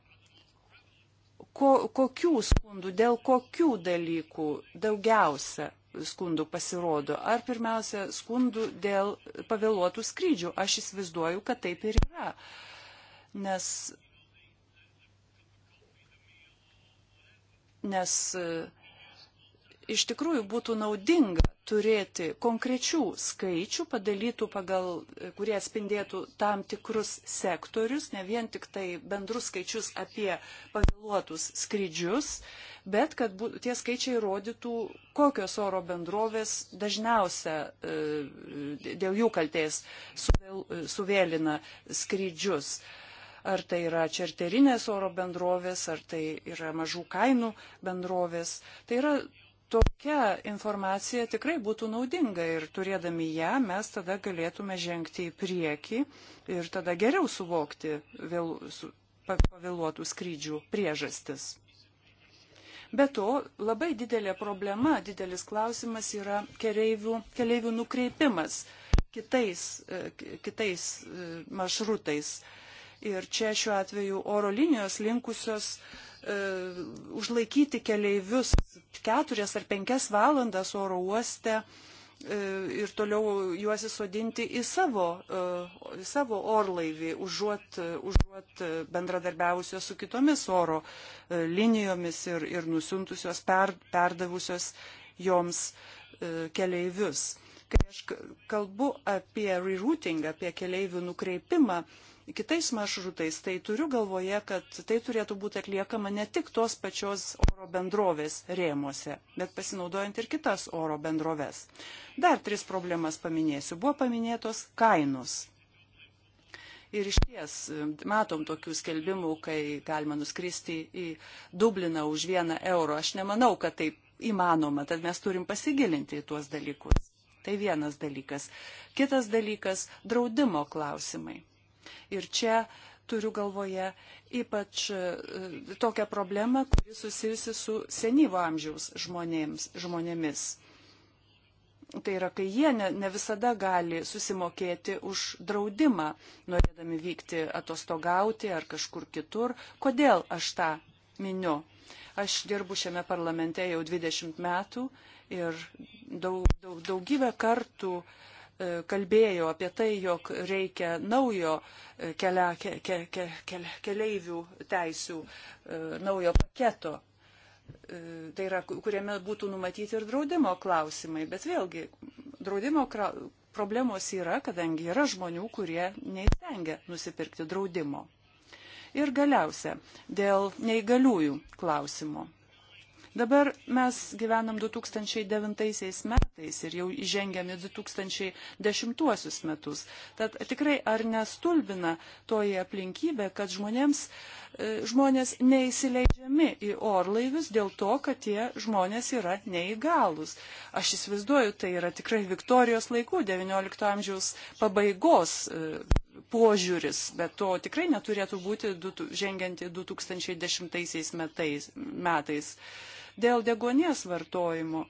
ko, kokių skundų, dėl kokių dalykų daugiausia skundų pasirodo, ar pirmiausia skundų dėl pavėluotų skrydžių. Aš įsivaizduoju, kad taip ir yra. Nes, nes e, iš tikrųjų būtų naudinga turėti konkrečių skaičių padalytų pagal, kurie atspindėtų tam tikrus sektorius, ne vien tik tai bendrus skaičius apie pavėluotus skrydžius, bet kad bū, tie skaičiai rodytų, kokios oro bendrovės dažniausia e, dėl jų kalties suvėl, e, suvėlina skrydžius ar tai yra čerterinės oro bendrovės, ar tai yra mažų kainų bendrovės. Tai yra tokia informacija tikrai būtų naudinga ir turėdami ją mes tada galėtume žengti į priekį ir tada geriau suvokti vėl, su, pavėluotų skrydžių priežastis. Be to, labai didelė problema, didelis klausimas yra keleivių, keleivių nukreipimas kitais, e, kitais e, maršrutais. Ir čia šiuo atveju oro linijos linkusios uh, E, užlaikyti keleivius keturias ar penkias valandas oro uoste e, ir toliau juos įsodinti į savo, e, į savo orlaivį, užuot, užuot bendradarbiavusios su kitomis oro linijomis ir, ir nusintusios, per, perdavusios joms keleivius. Kai aš kalbu apie rerouting, apie keleivių nukreipimą, kitais maršrutais, tai turiu galvoje, kad tai turėtų būti atliekama ne tik tos pačios oro bendrovės rėmuose, bet pasinaudojant ir kitas oro bendroves. Dar tris problemas paminėsiu. Buvo paminėtos kainos. Ir iš ties e, matom tokių skelbimų, kai galima nuskristi į Dubliną už vieną eurą. Aš nemanau, kad tai įmanoma, tad mes turim pasigilinti į tuos dalykus. Tai vienas dalykas. Kitas dalykas - draudimo klausimai. Ir čia turiu galvoje ypač e, tokią problemą, kuri susijusi su senyvo amžiaus žmonėms, žmonėmis. Tai yra, kai jie ne, ne visada gali susimokėti už draudimą, norėdami vykti atostogauti ar kažkur kitur. Kodėl aš tą miniu? Aš dirbu šiame parlamente jau 20 metų ir daug, daug, daugybę kartų uh, E, kalbėjo apie tai, jog reikia naujo e, kelia, ke, ke, ke, ke, keleivių teisių, e, naujo paketo. Tai yra, kuriame būtų numatyti ir draudimo klausimai. Bet vėlgi, draudimo problemos yra, kadangi yra žmonių, kurie neįstengia nusipirkti draudimo. Ir galiausia, dėl neįgaliųjų klausimo. Dabar mes gyvenam 2009 metais ir jau įžengėm į 2010 metus. Tad tikrai ar nestulbina toji aplinkybė, kad žmonėms, e, žmonės neįsileidžiami į orlaivius dėl to, kad tie žmonės yra neįgalus. Aš įsivaizduoju, tai yra tikrai Viktorijos laikų, XIX amžiaus pabaigos e, požiūris, bet to tikrai neturėtų būti du, žengiant 2010 metais. metais dėl degonės vartojimo.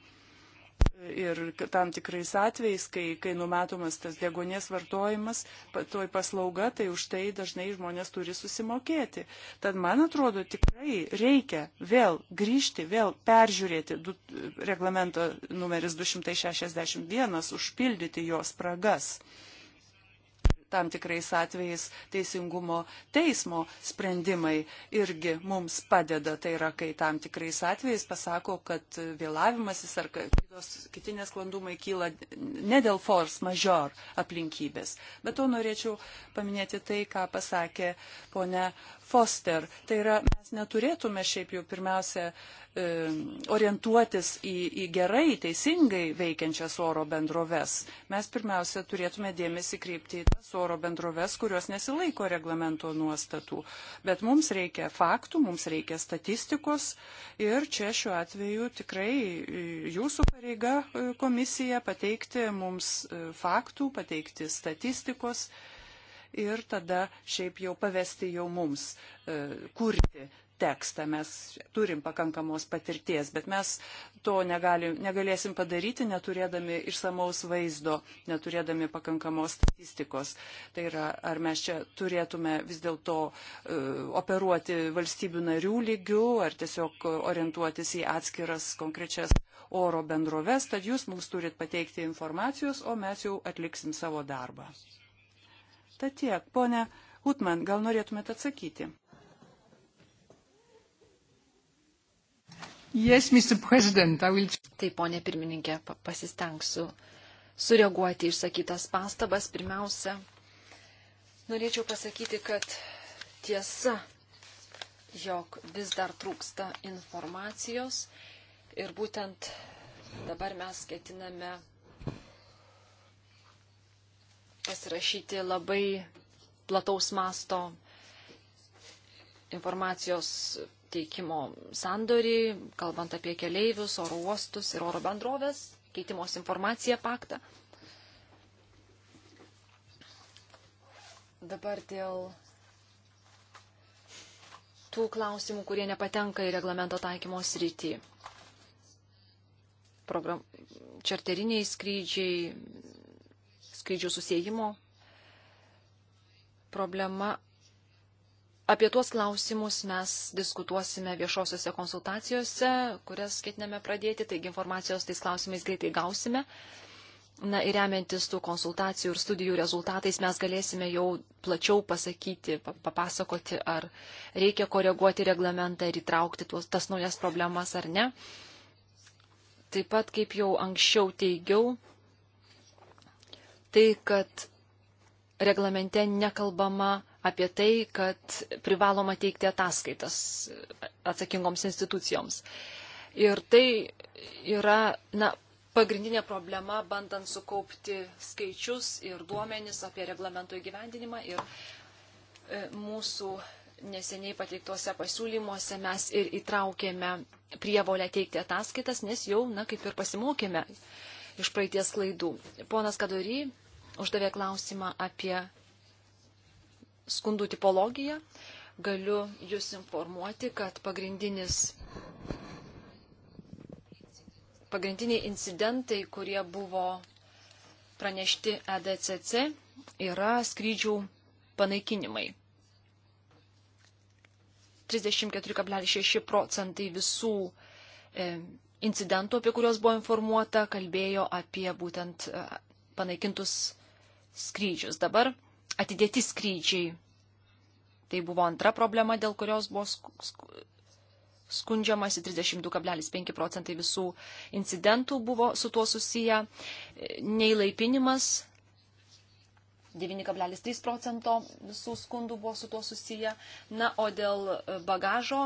Ir tam tikrais atvejais, kai, kai numatomas tas degonės vartojimas, toj paslauga, tai už tai dažnai žmonės turi susimokėti. Tad man atrodo, tikrai reikia vėl grįžti, vėl peržiūrėti du, reglamento numeris 261, užpildyti jos spragas tam tikrais atvejais teisingumo teismo sprendimai irgi mums padeda. Tai yra, kai tam tikrais atvejais pasako, kad vėlavimasis ar kiti nesklandumai kyla ne dėl force major aplinkybės. Bet to norėčiau paminėti tai, ką pasakė ponia Foster. Tai yra, mes neturėtume šiaip jau pirmiausia e, orientuotis į, į gerai, teisingai veikiančias oro bendroves. Mes pirmiausia turėtume dėmesį kreipti į tas oro bendroves, kurios nesilaiko reglamento nuostatų. Bet mums reikia faktų, mums reikia statistikos ir čia šiuo atveju tikrai e, jūsų pareiga e, komisija pateikti mums faktų, pateikti statistikos. Thank you ir tada šiaip jau pavesti jau mums e, kurti tekstą. Mes turim pakankamos patirties, bet mes to negalim, negalėsim padaryti, neturėdami išsamaus vaizdo, neturėdami pakankamos statistikos. Tai yra, ar mes čia turėtume vis dėlto uh, operuoti valstybių narių lygių, ar tiesiog orientuotis į atskiras konkrečias oro bendroves, tad jūs mums turit pateikti informacijos, o mes jau atliksim savo darbą. Tad tiek, ponė Utman, gal norėtumėte atsakyti? Yes, Mr. President, I will... Taip, ponė pirmininkė, pasistengsiu sureaguoti išsakytas pastabas. Pirmiausia, norėčiau pasakyti, kad tiesa, jog vis dar trūksta informacijos ir būtent dabar mes ketiname pasirašyti labai plataus masto informacijos teikimo sandorį, kalbant apie keleivius, oro uostus ir oro bendrovės, keitimos informaciją paktą. Dabar dėl tų klausimų, kurie nepatenka į reglamento taikymo srity. Program... Čarteriniai skrydžiai, skrydžių susijimo problema. Apie tuos klausimus mes diskutuosime viešosiuose konsultacijose, kurias ketiname pradėti, taigi informacijos tais klausimais greitai gausime. Na ir remiantis tų konsultacijų ir studijų rezultatais mes galėsime jau plačiau pasakyti, papasakoti, ar reikia koreguoti reglamentą ir įtraukti tuos, tas naujas problemas ar ne. Taip pat, kaip jau anksčiau teigiau, tai, kad reglamente nekalbama apie tai, kad privaloma teikti ataskaitas atsakingoms institucijoms. Ir tai yra, na, pagrindinė problema, bandant sukaupti skaičius ir duomenis apie reglamento įgyvendinimą. Ir e, mūsų neseniai pateiktuose pasiūlymuose mes ir įtraukėme prievolę teikti ataskaitas, nes jau, na, kaip ir pasimokėme iš praeities klaidų. Ponas Kadory uždavė klausimą apie skundų tipologiją. Galiu Jūs informuoti, kad pagrindinis, pagrindiniai incidentai, kurie buvo pranešti EDCC, yra skrydžių panaikinimai. 34,6 procentai visų e, incidentų, apie kuriuos buvo informuota, kalbėjo apie būtent e, panaikintus skrydžius. Dabar atidėti skrydžiai. Tai buvo antra problema, dėl kurios buvo skundžiamasi 32,5 procentai visų incidentų buvo su tuo susiję. Neįlaipinimas 9,3 procento visų skundų buvo su tuo susiję. Na, o dėl bagažo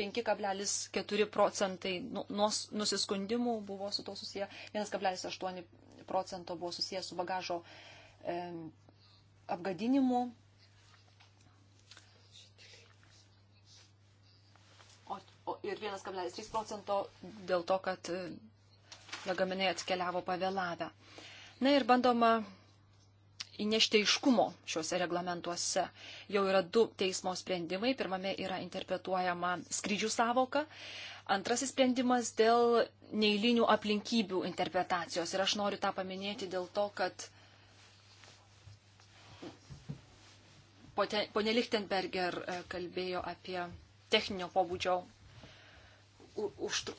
5,4 procentai nu, nusiskundimų buvo su to susiję, 1,8 procento buvo susijęs su bagažo e, apgadinimu. O, o, ir 1,3 procento dėl to, kad e, lagaminai atkeliavo pavėlavę. Na ir bandoma įnešti aiškumo šiuose reglamentuose. Jau yra du teismo sprendimai. Pirmame yra interpretuojama skrydžių savoka, Antrasis sprendimas dėl neįlinių aplinkybių interpretacijos. Ir aš noriu tą paminėti dėl to, kad ponė Lichtenberger e, kalbėjo apie techninio pobūdžio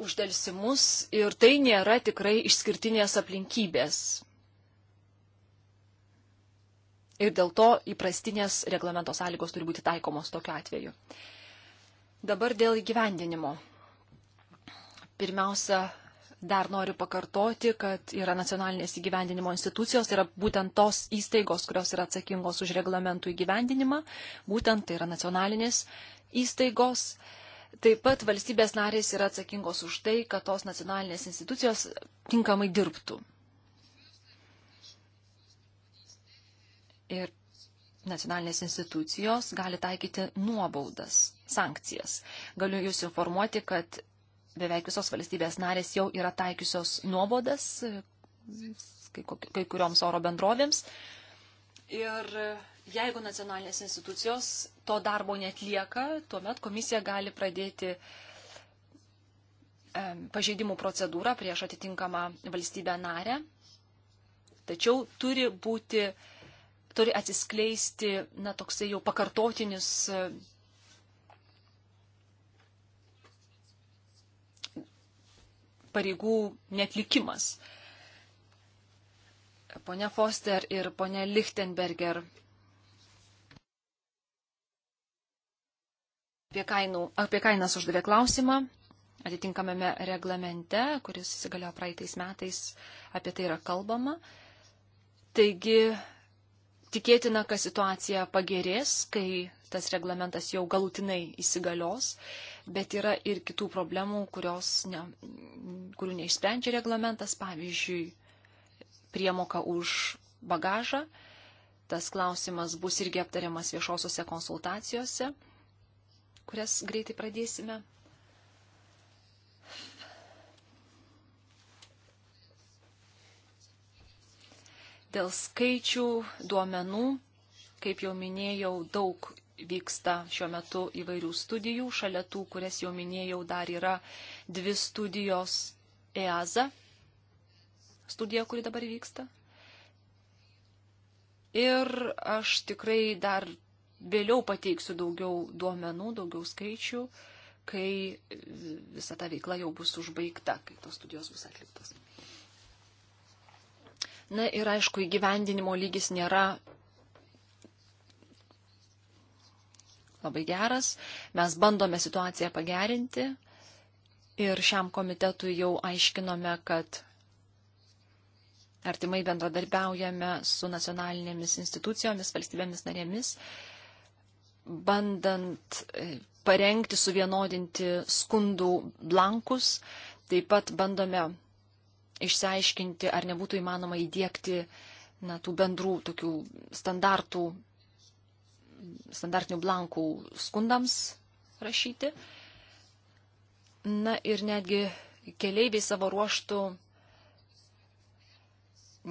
uždelsimus ir tai nėra tikrai išskirtinės aplinkybės. Ir dėl to įprastinės reglamento sąlygos turi būti taikomos tokiu atveju. Dabar dėl įgyvendinimo Pirmiausia, dar noriu pakartoti, kad yra nacionalinės įgyvendinimo institucijos, tai yra būtent tos įstaigos, kurios yra atsakingos už reglamentų įgyvendinimą, būtent tai yra nacionalinės įstaigos. Taip pat valstybės narės yra atsakingos už tai, kad tos nacionalinės institucijos tinkamai dirbtų. Ir nacionalinės institucijos gali taikyti nuobaudas, sankcijas. Galiu Jūs informuoti, kad beveik visos valstybės narės jau yra taikiusios nuobodas kai, kai kurioms oro bendrovėms. Ir jeigu nacionalinės institucijos to darbo netlieka, tuomet komisija gali pradėti pažeidimų procedūrą prieš atitinkamą valstybę narę. Tačiau turi būti, turi atsiskleisti, na, toksai jau pakartotinis pareigų netlikimas. Pone Foster ir pone Lichtenberger apie, kainų, apie kainas uždavė klausimą. Atitinkamame reglamente, kuris įsigaliojo praeitais metais, apie tai yra kalbama. Taigi, tikėtina, kad situacija pagerės, kai tas reglamentas jau galutinai įsigalios bet yra ir kitų problemų, kurios ne, kurių neišsprendžia reglamentas, pavyzdžiui, priemoka už bagažą. Tas klausimas bus irgi aptariamas viešosiuose konsultacijose, kurias greitai pradėsime. Dėl skaičių, duomenų, kaip jau minėjau, daug vyksta šiuo metu įvairių studijų. Šalia tų, kurias jau minėjau, dar yra dvi studijos EASA studija, kuri dabar vyksta. Ir aš tikrai dar vėliau pateiksiu daugiau duomenų, daugiau skaičių, kai visa ta veikla jau bus užbaigta, kai tos studijos bus atliktos. Na ir aišku, įgyvendinimo lygis nėra labai geras. Mes bandome situaciją pagerinti ir šiam komitetui jau aiškinome, kad artimai bendradarbiaujame su nacionalinėmis institucijomis, valstybėmis narėmis, bandant e, parengti, suvienodinti skundų blankus, taip pat bandome išsiaiškinti, ar nebūtų įmanoma įdėkti na, tų bendrų tokių standartų standartinių blankų skundams rašyti. Na ir netgi keleiviai savo ruoštų,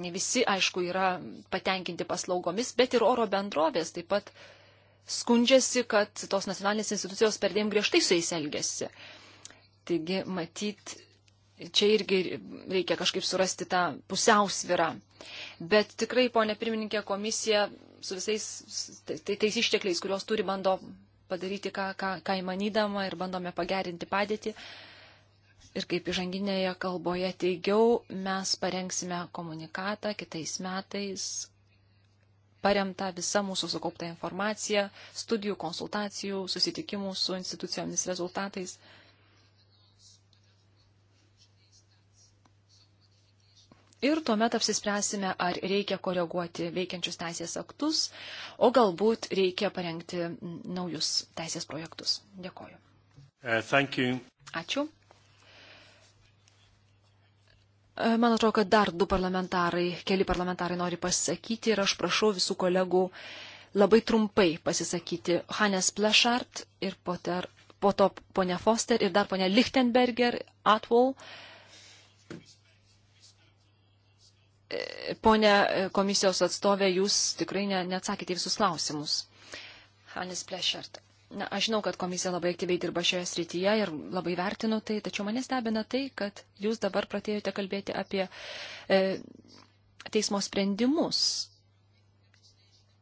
ne visi, aišku, yra patenkinti paslaugomis, bet ir oro bendrovės taip pat skundžiasi, kad tos nacionalinės institucijos perdėm griežtai su jais elgesi. Taigi, matyt, čia irgi reikia kažkaip surasti tą pusiausvirą. Bet tikrai, ponė pirmininkė, komisija su visais tai, tais ištekliais, kuriuos turi, bando padaryti, ką, ką, ką įmanydama ir bandome pagerinti padėtį. Ir kaip įžanginėje kalboje teigiau, mes parengsime komunikatą kitais metais, paremta visa mūsų sukaupta informacija, studijų, konsultacijų, susitikimų su institucijomis rezultatais. ir tuomet apsispręsime, ar reikia koreguoti veikiančius teisės aktus, o galbūt reikia parengti naujus teisės projektus. Dėkoju. Uh, Ačiū. Uh, man atrodo, kad dar du parlamentarai, keli parlamentarai nori pasisakyti ir aš prašau visų kolegų labai trumpai pasisakyti. Hannes Plešart ir Potter, po to ponia Foster ir dar ponia Lichtenberger, Atwall. Pone komisijos atstovė, jūs tikrai ne, neatsakėte į visus klausimus. Hanis Plešert. Na, aš žinau, kad komisija labai aktyviai dirba šioje srityje ir labai vertinu tai, tačiau mane stebina tai, kad jūs dabar pradėjote kalbėti apie e, teismo sprendimus.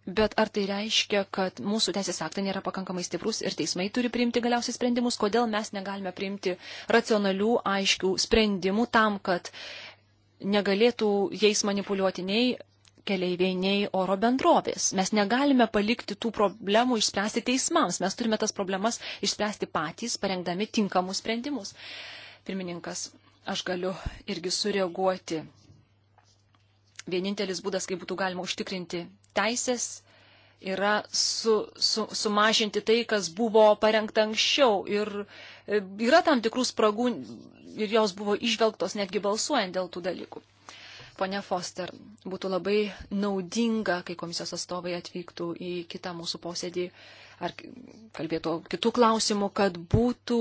Bet ar tai reiškia, kad mūsų teisės aktai nėra pakankamai stiprus ir teismai turi priimti galiausiai sprendimus, kodėl mes negalime priimti racionalių, aiškių sprendimų tam, kad negalėtų jais manipuliuoti nei keleiviai, nei oro bendrovės. Mes negalime palikti tų problemų išspręsti teismams. Mes turime tas problemas išspręsti patys, parengdami tinkamus sprendimus. Pirmininkas, aš galiu irgi sureaguoti. Vienintelis būdas, kaip būtų galima užtikrinti teisės yra su, su, sumažinti tai, kas buvo parengta anksčiau. Ir e, yra tam tikrų spragų ir jos buvo išvelgtos netgi balsuojant dėl tų dalykų. Pone Foster, būtų labai naudinga, kai komisijos atstovai atvyktų į kitą mūsų posėdį ar kalbėtų kitų klausimų, kad būtų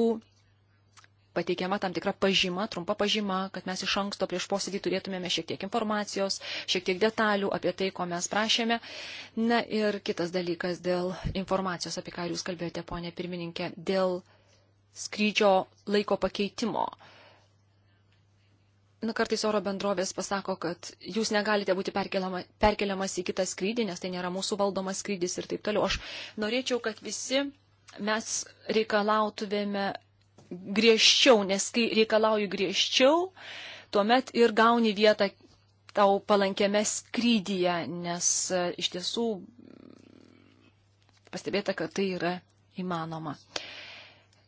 pateikiama tam tikra pažyma, trumpa pažyma, kad mes iš anksto prieš posėdį turėtumėme šiek tiek informacijos, šiek tiek detalių apie tai, ko mes prašėme. Na ir kitas dalykas dėl informacijos, apie ką jūs kalbėjote, ponė pirmininkė, dėl skrydžio laiko pakeitimo. Na, kartais oro bendrovės pasako, kad jūs negalite būti perkeliama, perkeliamas į kitą skrydį, nes tai nėra mūsų valdomas skrydis ir taip toliau. Aš norėčiau, kad visi mes reikalautumėme griežčiau, nes kai reikalauji griežčiau, tuomet ir gauni vietą tau palankiame skrydyje, nes e, iš tiesų pastebėta, kad tai yra įmanoma.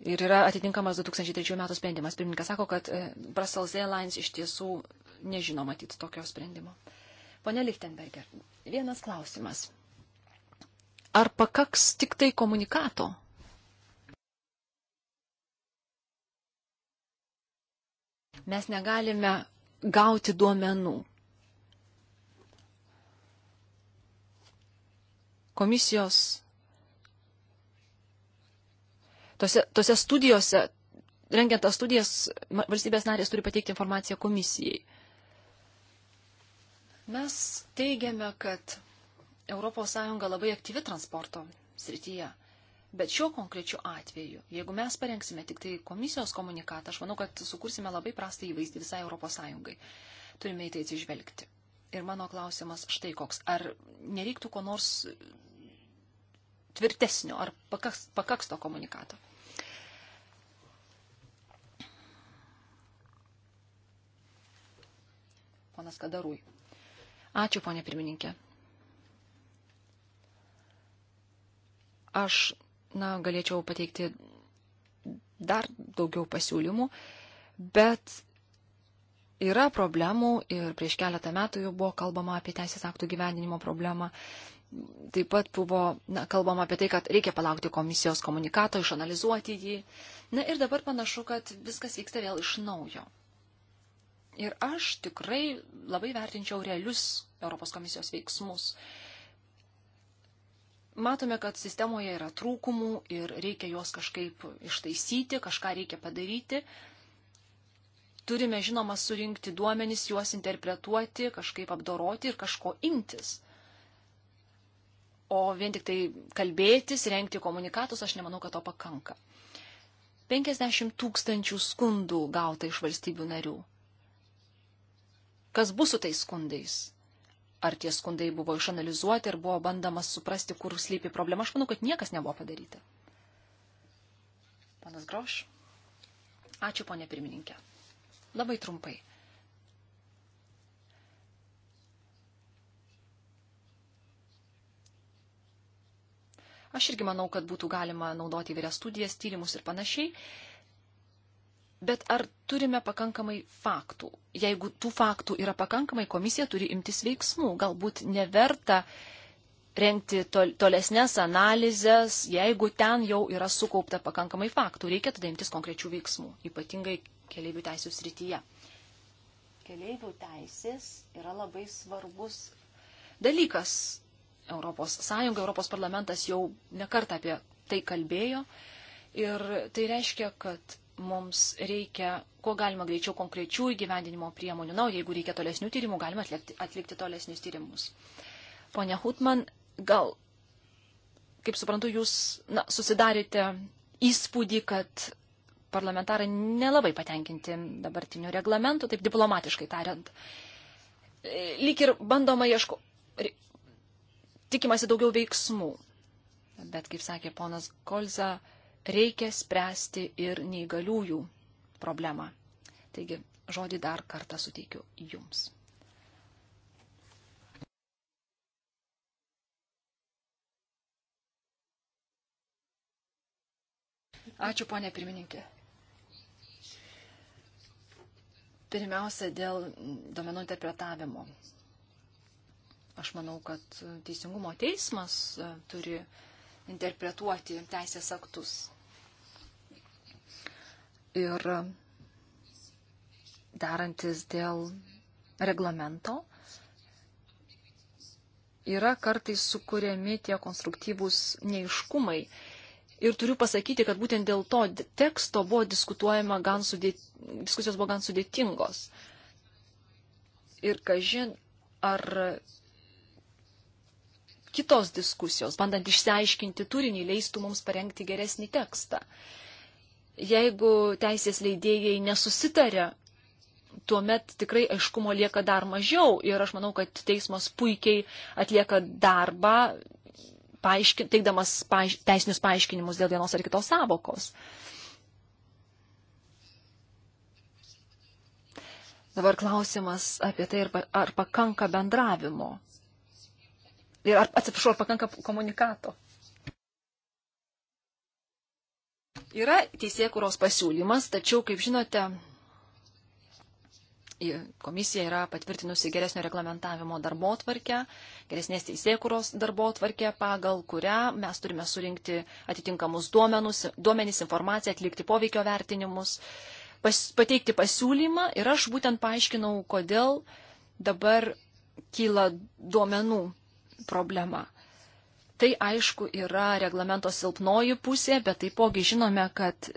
Ir yra atitinkamas 2003 metų sprendimas. Pirmininkas sako, kad e, Brussels Airlines iš tiesų nežino matyti tokio sprendimo. Pone Lichtenberger, vienas klausimas. Ar pakaks tik tai komunikato? mes negalime gauti duomenų. Komisijos tose, tose studijose, rengiant tas studijas, valstybės narės turi pateikti informaciją komisijai. Mes teigiame, kad ES labai aktyvi transporto srityje. Bet šiuo konkrečiu atveju, jeigu mes parengsime tik tai komisijos komunikatą, aš manau, kad sukursime labai prastą įvaizdį visai ES. Turime į tai atsižvelgti. Ir mano klausimas štai koks. Ar nereiktų ko nors tvirtesnio, ar pakaks, pakaks to komunikato? Ponas Kadarui. Ačiū, ponė pirmininkė. Aš na, galėčiau pateikti dar daugiau pasiūlymų, bet yra problemų ir prieš keletą metų jau buvo kalbama apie teisės aktų gyvendinimo problemą. Taip pat buvo na, kalbama apie tai, kad reikia palaukti komisijos komunikato, išanalizuoti jį. Na ir dabar panašu, kad viskas vyksta vėl iš naujo. Ir aš tikrai labai vertinčiau realius Europos komisijos veiksmus. Uh, matome, kad sistemoje yra trūkumų ir reikia juos kažkaip ištaisyti, kažką reikia padaryti. Turime, žinoma, surinkti duomenis, juos interpretuoti, kažkaip apdoroti ir kažko imtis. O vien tik tai kalbėtis, renkti komunikatus, aš nemanau, kad to pakanka. 50 tūkstančių skundų gauta iš valstybių narių. Kas bus su tais skundais? ar tie skundai buvo išanalizuoti, ar buvo bandama suprasti, kur slypi problema. Aš manau, kad niekas nebuvo padaryta. Panas Groš. Ačiū, ponė pirmininkė. Labai trumpai. Aš irgi manau, kad būtų galima naudoti įvairias studijas, tyrimus ir panašiai. Bet ar turime pakankamai faktų? Jeigu tų faktų yra pakankamai, komisija turi imtis veiksmų. Galbūt neverta rengti tol, tolesnės analizės, jeigu ten jau yra sukaupta pakankamai faktų. Reikia tada imtis konkrečių veiksmų, ypatingai keliaivių teisų srityje. Keliaivių teisės yra labai svarbus dalykas. Europos Sąjunga, Europos parlamentas jau nekartą apie tai kalbėjo. Ir tai reiškia, kad mums reikia, kuo galima greičiau konkrečių įgyvendinimo priemonių. Na, jeigu reikia tolesnių tyrimų, galima atlikti, atlikti tolesnius tyrimus. Pone Hutman, gal, kaip suprantu, jūs na, susidarėte įspūdį, kad parlamentarai nelabai patenkinti dabartiniu reglamentu, taip diplomatiškai tariant. E, lyg ir bandoma ieško, tikimasi daugiau veiksmų. Bet, kaip sakė ponas Kolza, reikia spręsti ir neįgaliųjų problemą. Taigi, žodį dar kartą suteikiu jums. Ačiū, ponė pirmininkė. Pirmiausia, dėl domenų interpretavimo. Aš manau, kad teisingumo teismas e, turi interpretuoti teisės aktus ir darantis dėl reglamento yra kartais sukūrėmi tie konstruktyvūs neiškumai. Ir turiu pasakyti, kad būtent dėl to teksto buvo diskutuojama gan sudėtingai, diskusijos buvo gan sudėtingos. Ir kažin, ar kitos diskusijos, bandant išsiaiškinti turinį, leistų mums parengti geresnį tekstą. Uh, jeigu teisės leidėjai nesusitarė, tuomet tikrai aiškumo lieka dar mažiau ir aš manau, kad teismas puikiai atlieka darbą, paaiškin, teikdamas paaiš, teisinius paaiškinimus dėl vienos ar kitos savokos. Dabar klausimas apie tai, ar pakanka bendravimo. Ir ar, atsiprašau, ar pakanka komunikato. Yra teisėkuros pasiūlymas, tačiau, kaip žinote, komisija yra patvirtinusi geresnio reglamentavimo darbo tvarkę, geresnės teisėkuros darbo tvarkę, pagal kurią mes turime surinkti atitinkamus duomenus, duomenys, informaciją, atlikti poveikio vertinimus, pas, pateikti pasiūlymą ir aš būtent paaiškinau, kodėl dabar kyla duomenų problema. Tai aišku yra reglamento silpnoji pusė, bet taipogi žinome, kad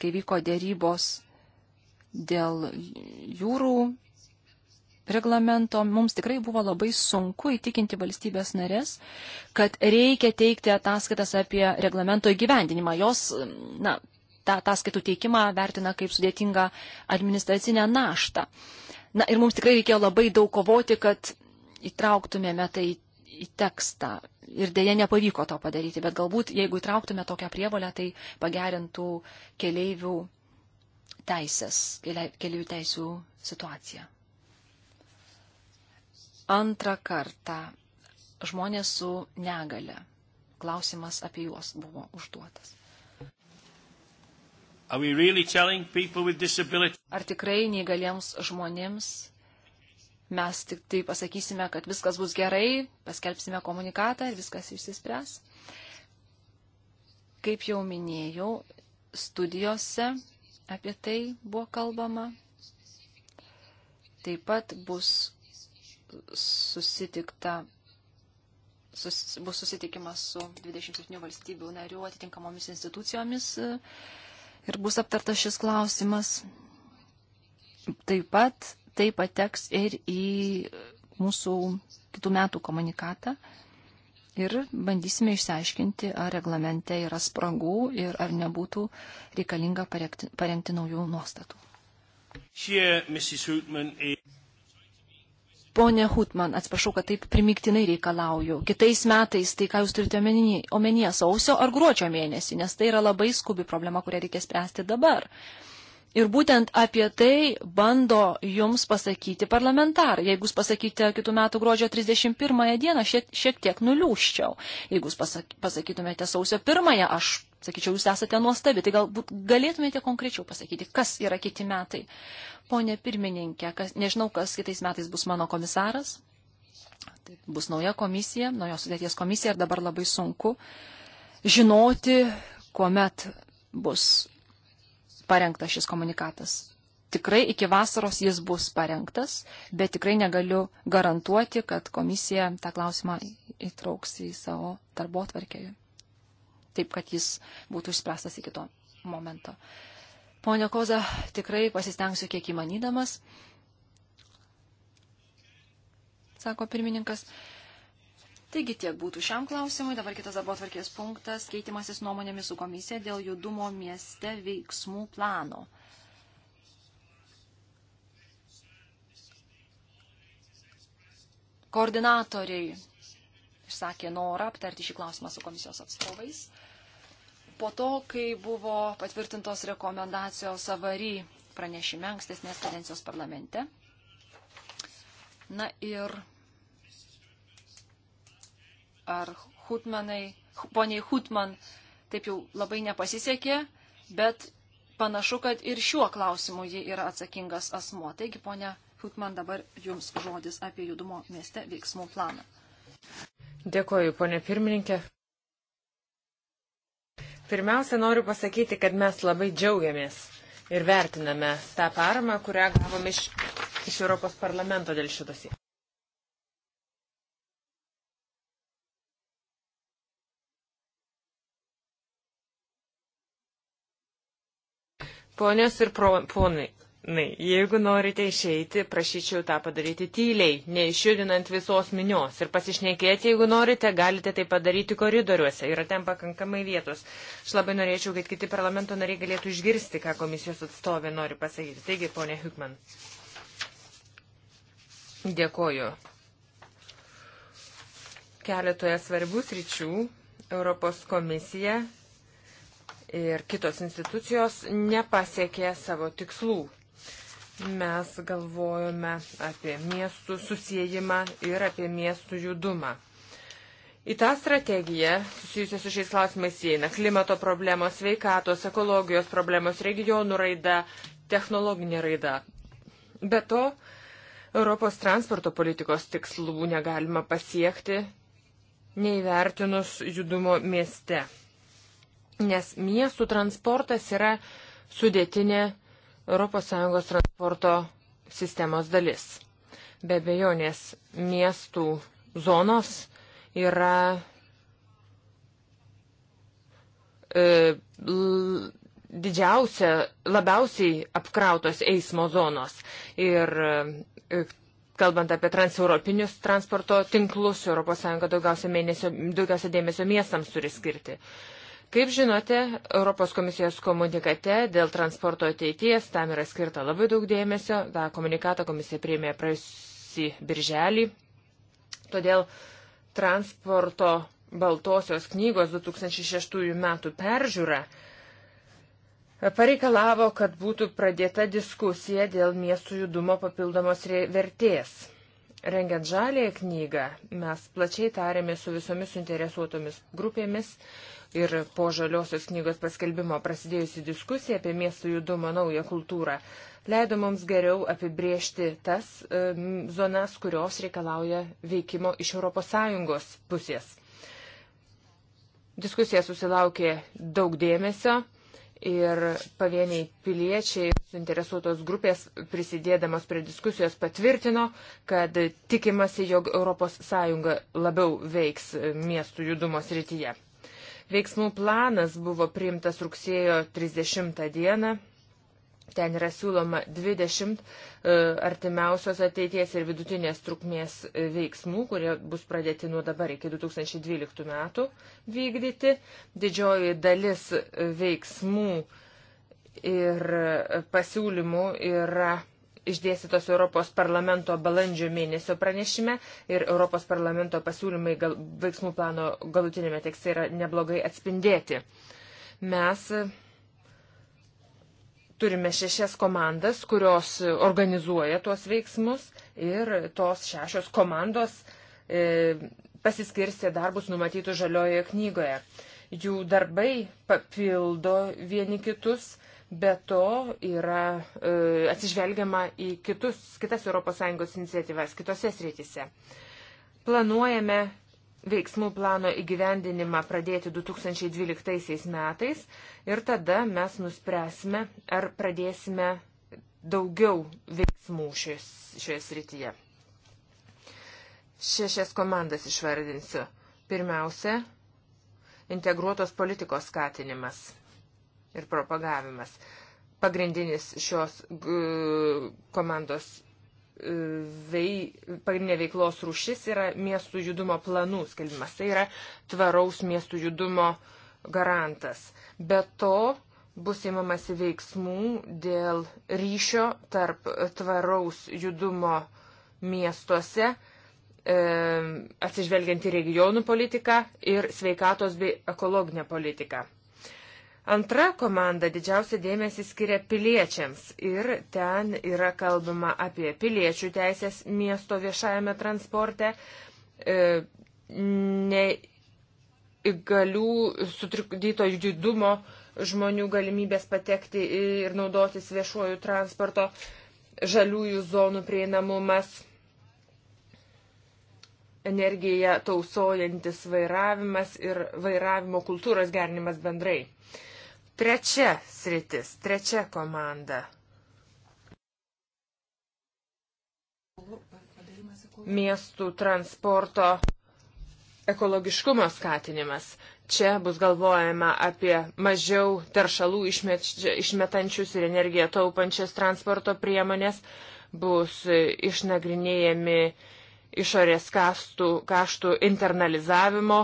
kai vyko dėrybos dėl jūrų reglamento, mums tikrai buvo labai sunku įtikinti valstybės narės, kad reikia teikti ataskaitas apie reglamento įgyvendinimą. Jos, na, tą ataskaitų teikimą vertina kaip sudėtingą administracinę naštą. Na ir mums tikrai reikėjo labai daug kovoti, kad įtrauktumėme tai į tekstą ir dėja nepavyko to padaryti, bet galbūt jeigu įtrauktume tokią prievolę, tai pagerintų keleivių teisės, keleivių teisų situaciją. Antrą kartą žmonės su negale. Klausimas apie juos buvo užduotas. Really Ar tikrai neįgaliems žmonėms mes tik tai pasakysime, kad viskas bus gerai, paskelbsime komunikatą ir viskas išsispręs. Kaip jau minėjau, studijose apie tai buvo kalbama. Taip pat bus susitikta sus, bus susitikimas su 27 valstybių narių atitinkamomis institucijomis e, ir bus aptartas šis klausimas. Taip pat tai pateks ir į mūsų kitų metų komunikatą ir bandysime išsiaiškinti, ar reglamente yra spragų ir ar nebūtų reikalinga parengti, parengti naujų nuostatų. Pone Hutman, atsiprašau, kad taip primiktinai reikalauju. Kitais metais, tai ką jūs turite omenyje, omenyje sausio ar gruodžio mėnesį, nes tai yra labai skubi problema, kurią reikia spręsti dabar. Uh, Ir būtent apie tai bando jums pasakyti parlamentarai. Jeigu jūs pasakysite kitų metų gruodžio 31 dieną, šiek, šiek tiek nuliūščiau. Jeigu jūs pasak, pasakytumėte sausio 1, aš sakyčiau, jūs esate nuostabi. Tai galbūt galėtumėte konkrečiau pasakyti, kas yra kiti metai. Pone pirmininkė, kas, nežinau, kas kitais metais bus mano komisaras. Tai bus nauja komisija, naujos sudėties komisija ir dabar labai sunku žinoti, kuomet bus parengtas šis komunikatas. Tikrai iki vasaros jis bus parengtas, bet tikrai negaliu garantuoti, kad komisija tą klausimą įtrauks į savo darbo atvarkėje. Taip, kad jis būtų išspręstas iki to momento. Pone Koza, tikrai pasistengsiu kiek įmanydamas, sako pirmininkas. Taigi tiek būtų šiam klausimui. Dabar kitas darbo atvarkės punktas - keitimasis nuomonėmis su komisija dėl judumo mieste veiksmų plano. Koordinatoriai išsakė norą aptarti šį klausimą su komisijos atstovais. Po to, kai buvo patvirtintos rekomendacijos avary pranešime ankstesnės kadencijos parlamente. Na ir ar Hutmanai, poniai Hutman taip jau labai nepasisekė, bet panašu, kad ir šiuo klausimu ji yra atsakingas asmo. Taigi, ponia Hutman, dabar jums žodis apie judumo mieste veiksmų planą. Dėkoju, ponė pirmininkė. Pirmiausia, noriu pasakyti, kad mes labai džiaugiamės ir vertiname tą paramą, kurią gavome iš, iš Europos parlamento dėl šitos. Ponios ir pro, ponai, jeigu norite išeiti, prašyčiau tą padaryti tyliai, neišjudinant visos minios. Ir pasišnekėti, jeigu norite, galite tai padaryti koridoriuose. Yra ten pakankamai vietos. Aš labai norėčiau, kad kiti parlamento nariai galėtų išgirsti, ką komisijos atstovė nori pasakyti. Taigi, ponė Hükman. Dėkoju. Keletoje svarbių sričių Europos komisija ir kitos institucijos nepasiekė savo tikslų. Mes galvojome apie miestų susijimą ir apie miestų judumą. Į tą strategiją susijusią su šiais klausimais įeina klimato problemos, sveikatos, ekologijos problemos, regionų raida, technologinė raida. Be to, Europos transporto politikos tikslų negalima pasiekti, neįvertinus judumo mieste nes miestų transportas yra sudėtinė ES transporto sistemos dalis. Be bejonės miestų zonos yra e, l, didžiausia, labiausiai apkrautos eismo zonos. Ir e, kalbant apie transeuropinius transporto tinklus, ES daugiausia, mėnesio, daugiausia dėmesio miestams turi skirti. E, Kaip žinote, Europos komisijos komunikate dėl transporto ateities tam yra skirta labai daug dėmesio. Ta komunikatą komisija priėmė praėjusį birželį. Todėl transporto baltosios knygos 2006 metų peržiūra pareikalavo, kad būtų pradėta diskusija dėl miestų judumo papildomos vertės. Rengiant žalėją knygą, mes plačiai tarėme su visomis suinteresuotomis grupėmis ir po žaliosios knygos paskelbimo prasidėjusi diskusija apie miestų judumo naują kultūrą leido mums geriau apibriežti tas e, zonas, kurios reikalauja veikimo iš ES pusės. Diskusija susilaukė daug dėmesio ir pavieniai piliečiai, suinteresuotos grupės prisidėdamos prie diskusijos patvirtino, kad tikimasi, jog ES labiau veiks miestų judumo srityje. Veiksmų planas buvo priimtas rugsėjo 30 dieną Ten yra siūloma 20 e, artimiausios ateities ir vidutinės trukmės e, veiksmų, kurie bus pradėti nuo dabar iki 2012 metų vykdyti. Didžioji dalis e, veiksmų ir pasiūlymų yra išdėstytos Europos parlamento balandžio mėnesio pranešime ir Europos parlamento pasiūlymai gal, veiksmų plano galutinėme tekste yra neblogai atspindėti. Mes Turime šešias komandas, kurios organizuoja tuos veiksmus ir tos šešios komandos e, pasiskirstė darbus numatytų žaliojoje knygoje. Jų darbai papildo vieni kitus, be to yra e, atsižvelgiama į kitus, kitas ES iniciatyvas, kitose srityse. Planuojame veiksmų plano įgyvendinimą pradėti 2012 metais ir tada mes nuspręsime, ar pradėsime daugiau veiksmų šioje, šioje srityje. Šešias komandas išvardinsiu. Pirmiausia, integruotos politikos skatinimas ir propagavimas. Pagrindinis šios komandos vei, pagrindinė veiklos rušis yra miestų judumo planų skelbimas. Tai yra tvaraus miestų judumo garantas. Be to bus įmamasi veiksmų dėl ryšio tarp tvaraus judumo miestuose, e, atsižvelgiant į regionų politiką ir sveikatos bei ekologinę politiką. Antra komanda didžiausia dėmesį skiria piliečiams ir ten yra kalbama apie piliečių teisės miesto viešajame transporte, e, neįgalių sutrikdyto judumo žmonių galimybės patekti ir naudotis viešuoju transporto, žaliųjų zonų prieinamumas, energiją tausojantis vairavimas ir vairavimo kultūros gerinimas bendrai. Trečia sritis, trečia komanda. Miestų transporto ekologiškumo skatinimas. Čia bus galvojama apie mažiau teršalų išmetančius ir energiją taupančias transporto priemonės, bus išnagrinėjami išorės kastų, kaštų internalizavimo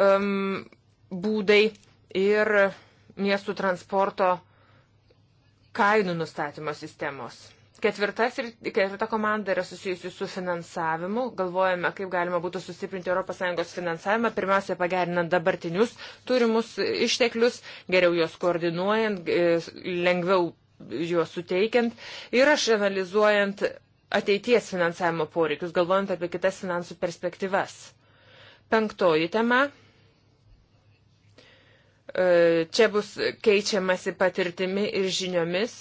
um, būdai ir miestų transporto kainų nustatymo sistemos. Ketvirtas ir ketvirta komanda yra susijusi su finansavimu. Galvojame, kaip galima būtų sustiprinti ES finansavimą, pirmiausia, pagerinant dabartinius turimus išteklius, geriau juos koordinuojant, e, lengviau juos suteikiant ir aš analizuojant ateities finansavimo poreikius, galvojant apie kitas finansų perspektyvas. Penktoji tema E, čia bus keičiamasi patirtimi ir žiniomis,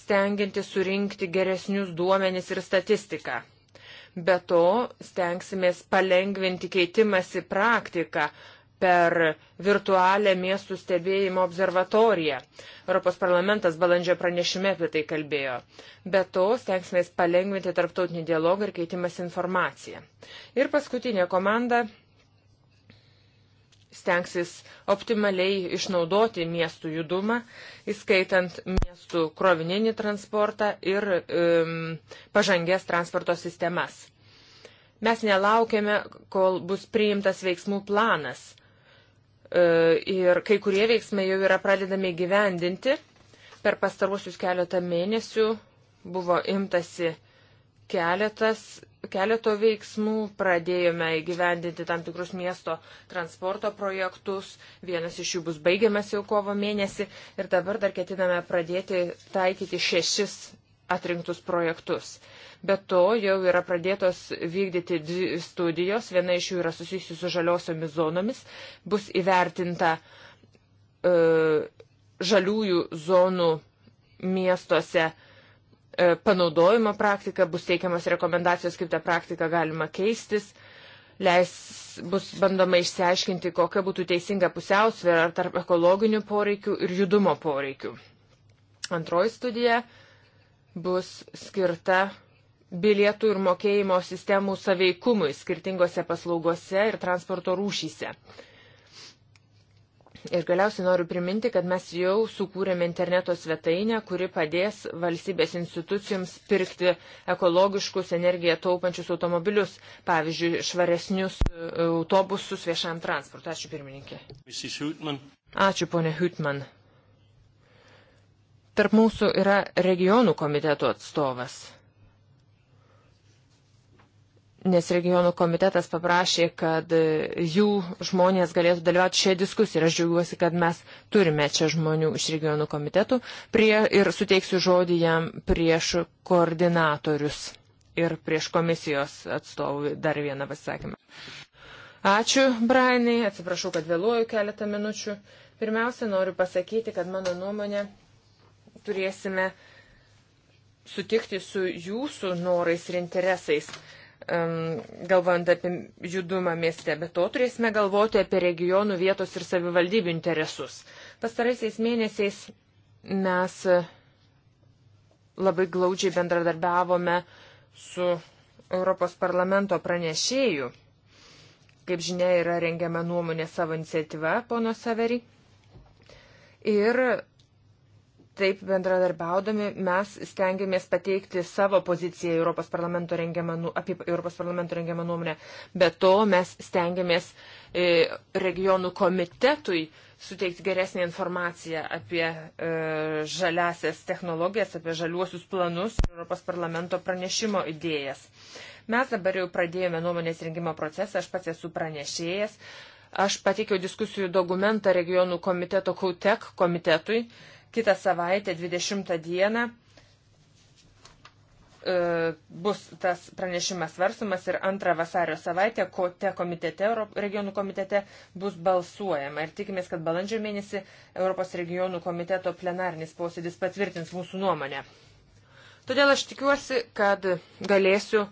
stengianti surinkti geresnius duomenis ir statistiką. Be to, stengsimės palengvinti keitimąsi praktiką per virtualią miestų stebėjimo observatoriją. Europos parlamentas balandžio pranešime apie tai kalbėjo. Be to, stengsimės palengvinti tarptautinį dialogą ir keitimas informaciją. Ir paskutinė komanda stengsis optimaliai išnaudoti miestų judumą, įskaitant miestų krovininį transportą ir um, pažangės transporto sistemas. Mes nelaukėme, kol bus priimtas veiksmų planas. E, ir kai kurie veiksmai jau yra pradedami gyvendinti. Per pastaruosius keletą mėnesių buvo imtasi keletas keleto veiksmų, pradėjome įgyvendinti tam tikrus miesto transporto projektus, vienas iš jų bus baigiamas jau kovo mėnesį ir dabar dar ketiname pradėti taikyti šešis atrinktus projektus. Be to jau yra pradėtos vykdyti dvi studijos, viena iš jų yra susijusi su žaliosiomis zonomis, bus įvertinta e, žaliųjų zonų miestuose e, E, panaudojimo praktika, bus teikiamas rekomendacijos, kaip tą praktiką galima keistis, leis, bus bandoma išsiaiškinti, kokia būtų teisinga pusiausvėra tarp ekologinių poreikių ir judumo poreikių. Antroji studija bus skirta bilietų ir mokėjimo sistemų saveikumui skirtingose paslaugose ir transporto rūšyse. Ir galiausiai noriu priminti, kad mes jau sukūrėme interneto svetainę, kuri padės valstybės institucijoms pirkti ekologiškus energiją taupančius automobilius, pavyzdžiui, švaresnius e, autobusus viešam transportui. Ačiū pirmininkė. Ačiū ponė Hütman. Tarp mūsų yra regionų komiteto atstovas nes regionų komitetas paprašė, kad e, jų žmonės galėtų dalyvauti šioje diskusijoje. Ir aš džiaugiuosi, kad mes turime čia žmonių iš regionų komitetų prie, ir suteiksiu žodį jam prieš koordinatorius ir prieš komisijos atstovų dar vieną pasisakymą. Ačiū, Brainai, atsiprašau, kad vėluoju keletą minučių. Pirmiausia, noriu pasakyti, kad mano nuomonė turėsime sutikti su jūsų norais ir interesais galvojant apie judumą mieste, bet to turėsime galvoti apie regionų vietos ir savivaldybių interesus. Pastaraisiais mėnesiais mes e, labai glaudžiai bendradarbiavome su Europos parlamento pranešėju. Kaip žinia, yra rengiama nuomonė savo iniciatyva, pono Saveri. Ir Taip bendradarbiaudami mes stengiamės pateikti savo poziciją Europos parlamento rengiamą, nu, apie Europos parlamento rengiamą nuomonę. Be to mes stengiamės e, regionų komitetui suteikti geresnį informaciją apie e, žaliasias technologijas, apie žaliuosius planus ir Europos parlamento pranešimo idėjas. Mes dabar jau pradėjome nuomonės rengimo procesą, aš pats esu pranešėjas. Aš pateikiau diskusijų dokumentą regionų komiteto Kautek komitetui. komitetui Kita savaitė, 20 dieną, e, bus tas pranešimas svarstumas ir antrą vasario savaitę, ko te komitete, regionų komitete bus balsuojama. Ir tikimės, kad balandžio mėnesį Europos regionų komiteto plenarinis posėdis patvirtins mūsų nuomonę. Todėl aš tikiuosi, kad galėsiu uh,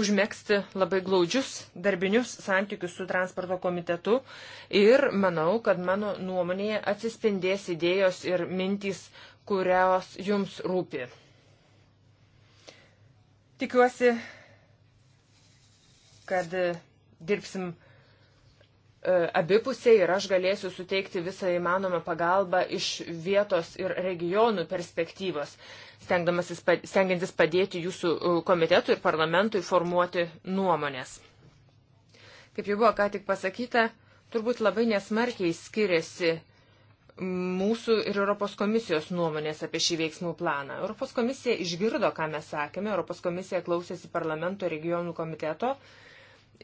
užmėgsti labai glaudžius darbinius santykius su transporto komitetu ir manau, kad mano nuomonėje atsispindės idėjos ir mintys, kurios jums rūpi. Tikiuosi, kad dirbsim E, abipusiai ir aš galėsiu suteikti visą įmanomą pagalbą iš vietos ir regionų perspektyvos, stengiantis padėti jūsų e, komitetui ir parlamentui formuoti nuomonės. Kaip jau buvo ką tik pasakyta, turbūt labai nesmarkiai skiriasi mūsų ir Europos komisijos nuomonės apie šį veiksmų planą. Europos komisija išgirdo, ką mes sakėme, Europos komisija klausėsi parlamento regionų komiteto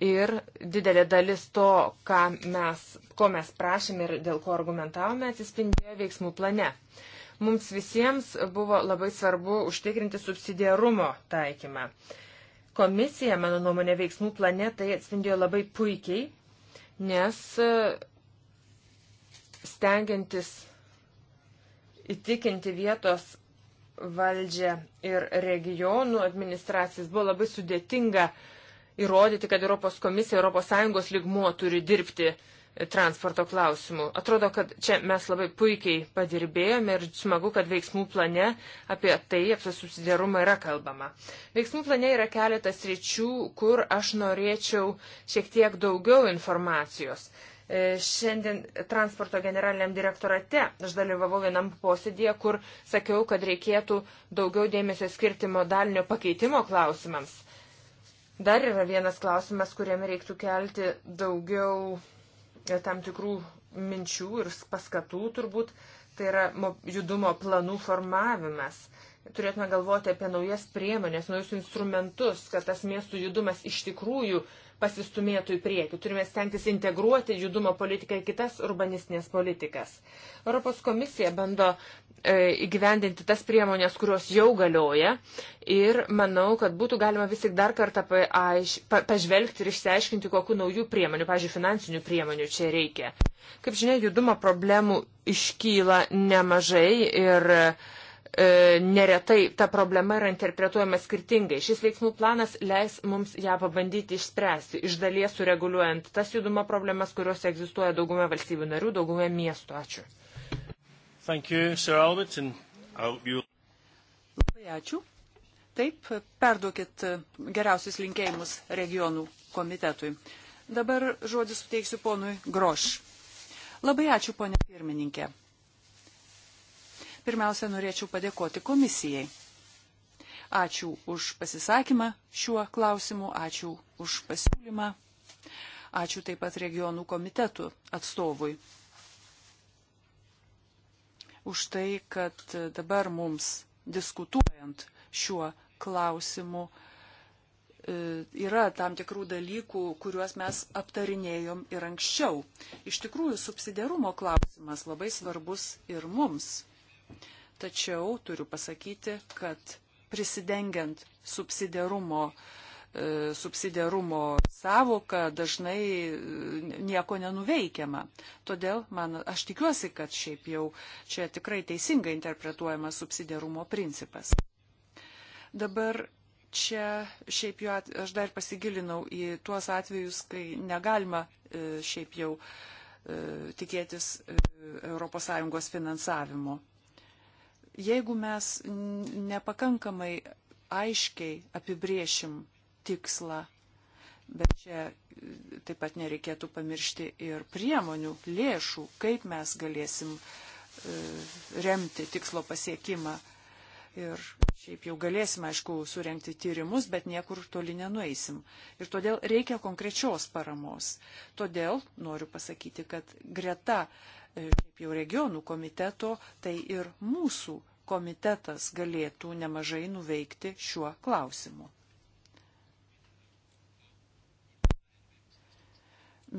Ir didelė dalis to, mes, ko mes prašėme ir dėl ko argumentavome, atsispindėjo veiksmų plane. Mums visiems buvo labai svarbu užtikrinti subsidiarumo taikymą. Komisija, mano nuomonė, veiksmų plane tai atspindėjo labai puikiai, nes e, stengiantis įtikinti vietos valdžią ir regionų administracijas buvo labai sudėtinga uh, įrodyti, kad Europos komisija, ES lygmuo turi dirbti e, transporto klausimų. Atrodo, kad čia mes labai puikiai padirbėjome ir smagu, kad veiksmų plane apie tai, apie subsidiarumą yra kalbama. Veiksmų plane yra keletas ryčių, kur aš norėčiau šiek tiek daugiau informacijos. E, šiandien transporto generaliniam direktorate aš dalyvavau vienam posėdėje, kur sakiau, kad reikėtų daugiau dėmesio skirti modalinio pakeitimo klausimams Dar yra vienas klausimas, kuriam reiktų kelti daugiau e, tam tikrų minčių ir paskatų turbūt, tai yra judumo planų formavimas. Turėtume galvoti apie naujas priemonės, naujus instrumentus, kad tas miestų judumas iš tikrųjų uh, pasistumėtų į priekį. Turime stengtis integruoti judumo politiką į kitas urbanistinės politikas. Europos komisija bando e, įgyvendinti tas priemonės, kurios jau galioja. Ir manau, kad būtų galima vis tik dar kartą paaiš, pa, pažvelgti ir išsiaiškinti, kokiu naujų priemonių, pažiūrėjau, finansinių priemonių čia reikia. Kaip žinia, judumo problemų iškyla nemažai ir uh, E, neretai ta problema yra interpretuojama skirtingai. Šis veiksmų planas leis mums ją pabandyti išspręsti, iš dalies sureguliuojant tas judumo problemas, kurios egzistuoja daugumė valstybių narių, daugumė miestų. Ačiū. You, Albert, you... Labai ačiū. Taip, perduokit geriausius linkėjimus regionų komitetui. Dabar žodį suteiksiu ponui Groš. Labai ačiū, ponė pirmininkė. Pirmiausia, norėčiau padėkoti komisijai. Ačiū už pasisakymą šiuo klausimu, ačiū už pasiūlymą, ačiū taip pat regionų komitetų atstovui. Už tai, kad dabar mums diskutuojant šiuo klausimu e, yra tam tikrų dalykų, kuriuos mes aptarinėjom ir anksčiau. Iš tikrųjų, subsidiarumo klausimas labai svarbus ir mums. Tačiau turiu pasakyti, kad prisidengiant subsidiarumo e, subsidiarumo savoka dažnai e, nieko nenuveikiama. Todėl man, aš tikiuosi, kad šiaip jau čia tikrai teisingai interpretuojamas subsidiarumo principas. Dabar čia šiaip jau at, aš dar pasigilinau į tuos atvejus, kai negalima e, šiaip jau tikėtis ES finansavimo Jeigu mes nepakankamai aiškiai apibriešim tikslą, bet čia e, taip pat nereikėtų pamiršti ir priemonių, lėšų, kaip mes galėsim e, remti tikslo pasiekimą Ir šiaip jau galėsim, aišku, surenkti tyrimus, bet niekur toli nenueisim. Ir todėl reikia konkrečios paramos. Todėl noriu pasakyti, kad greta e, šiaip jau regionų komiteto, tai ir mūsų komitetas galėtų nemažai nuveikti šiuo klausimu.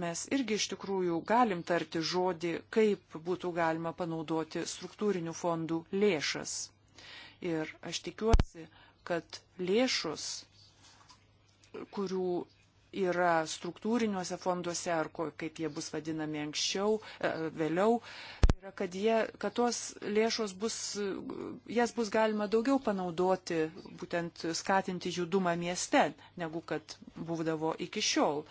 mes irgi iš tikrųjų galim tarti žodį, kaip būtų galima panaudoti struktūrinių fondų lėšas. Ir aš tikiuosi, kad lėšus, kurių yra struktūriniuose fonduose, ar ko, kaip jie bus vadinami anksčiau, e, vėliau, yra, kad, jie, kad tos lėšos bus, jas bus galima daugiau panaudoti, būtent skatinti judumą mieste, negu kad būdavo iki šiol.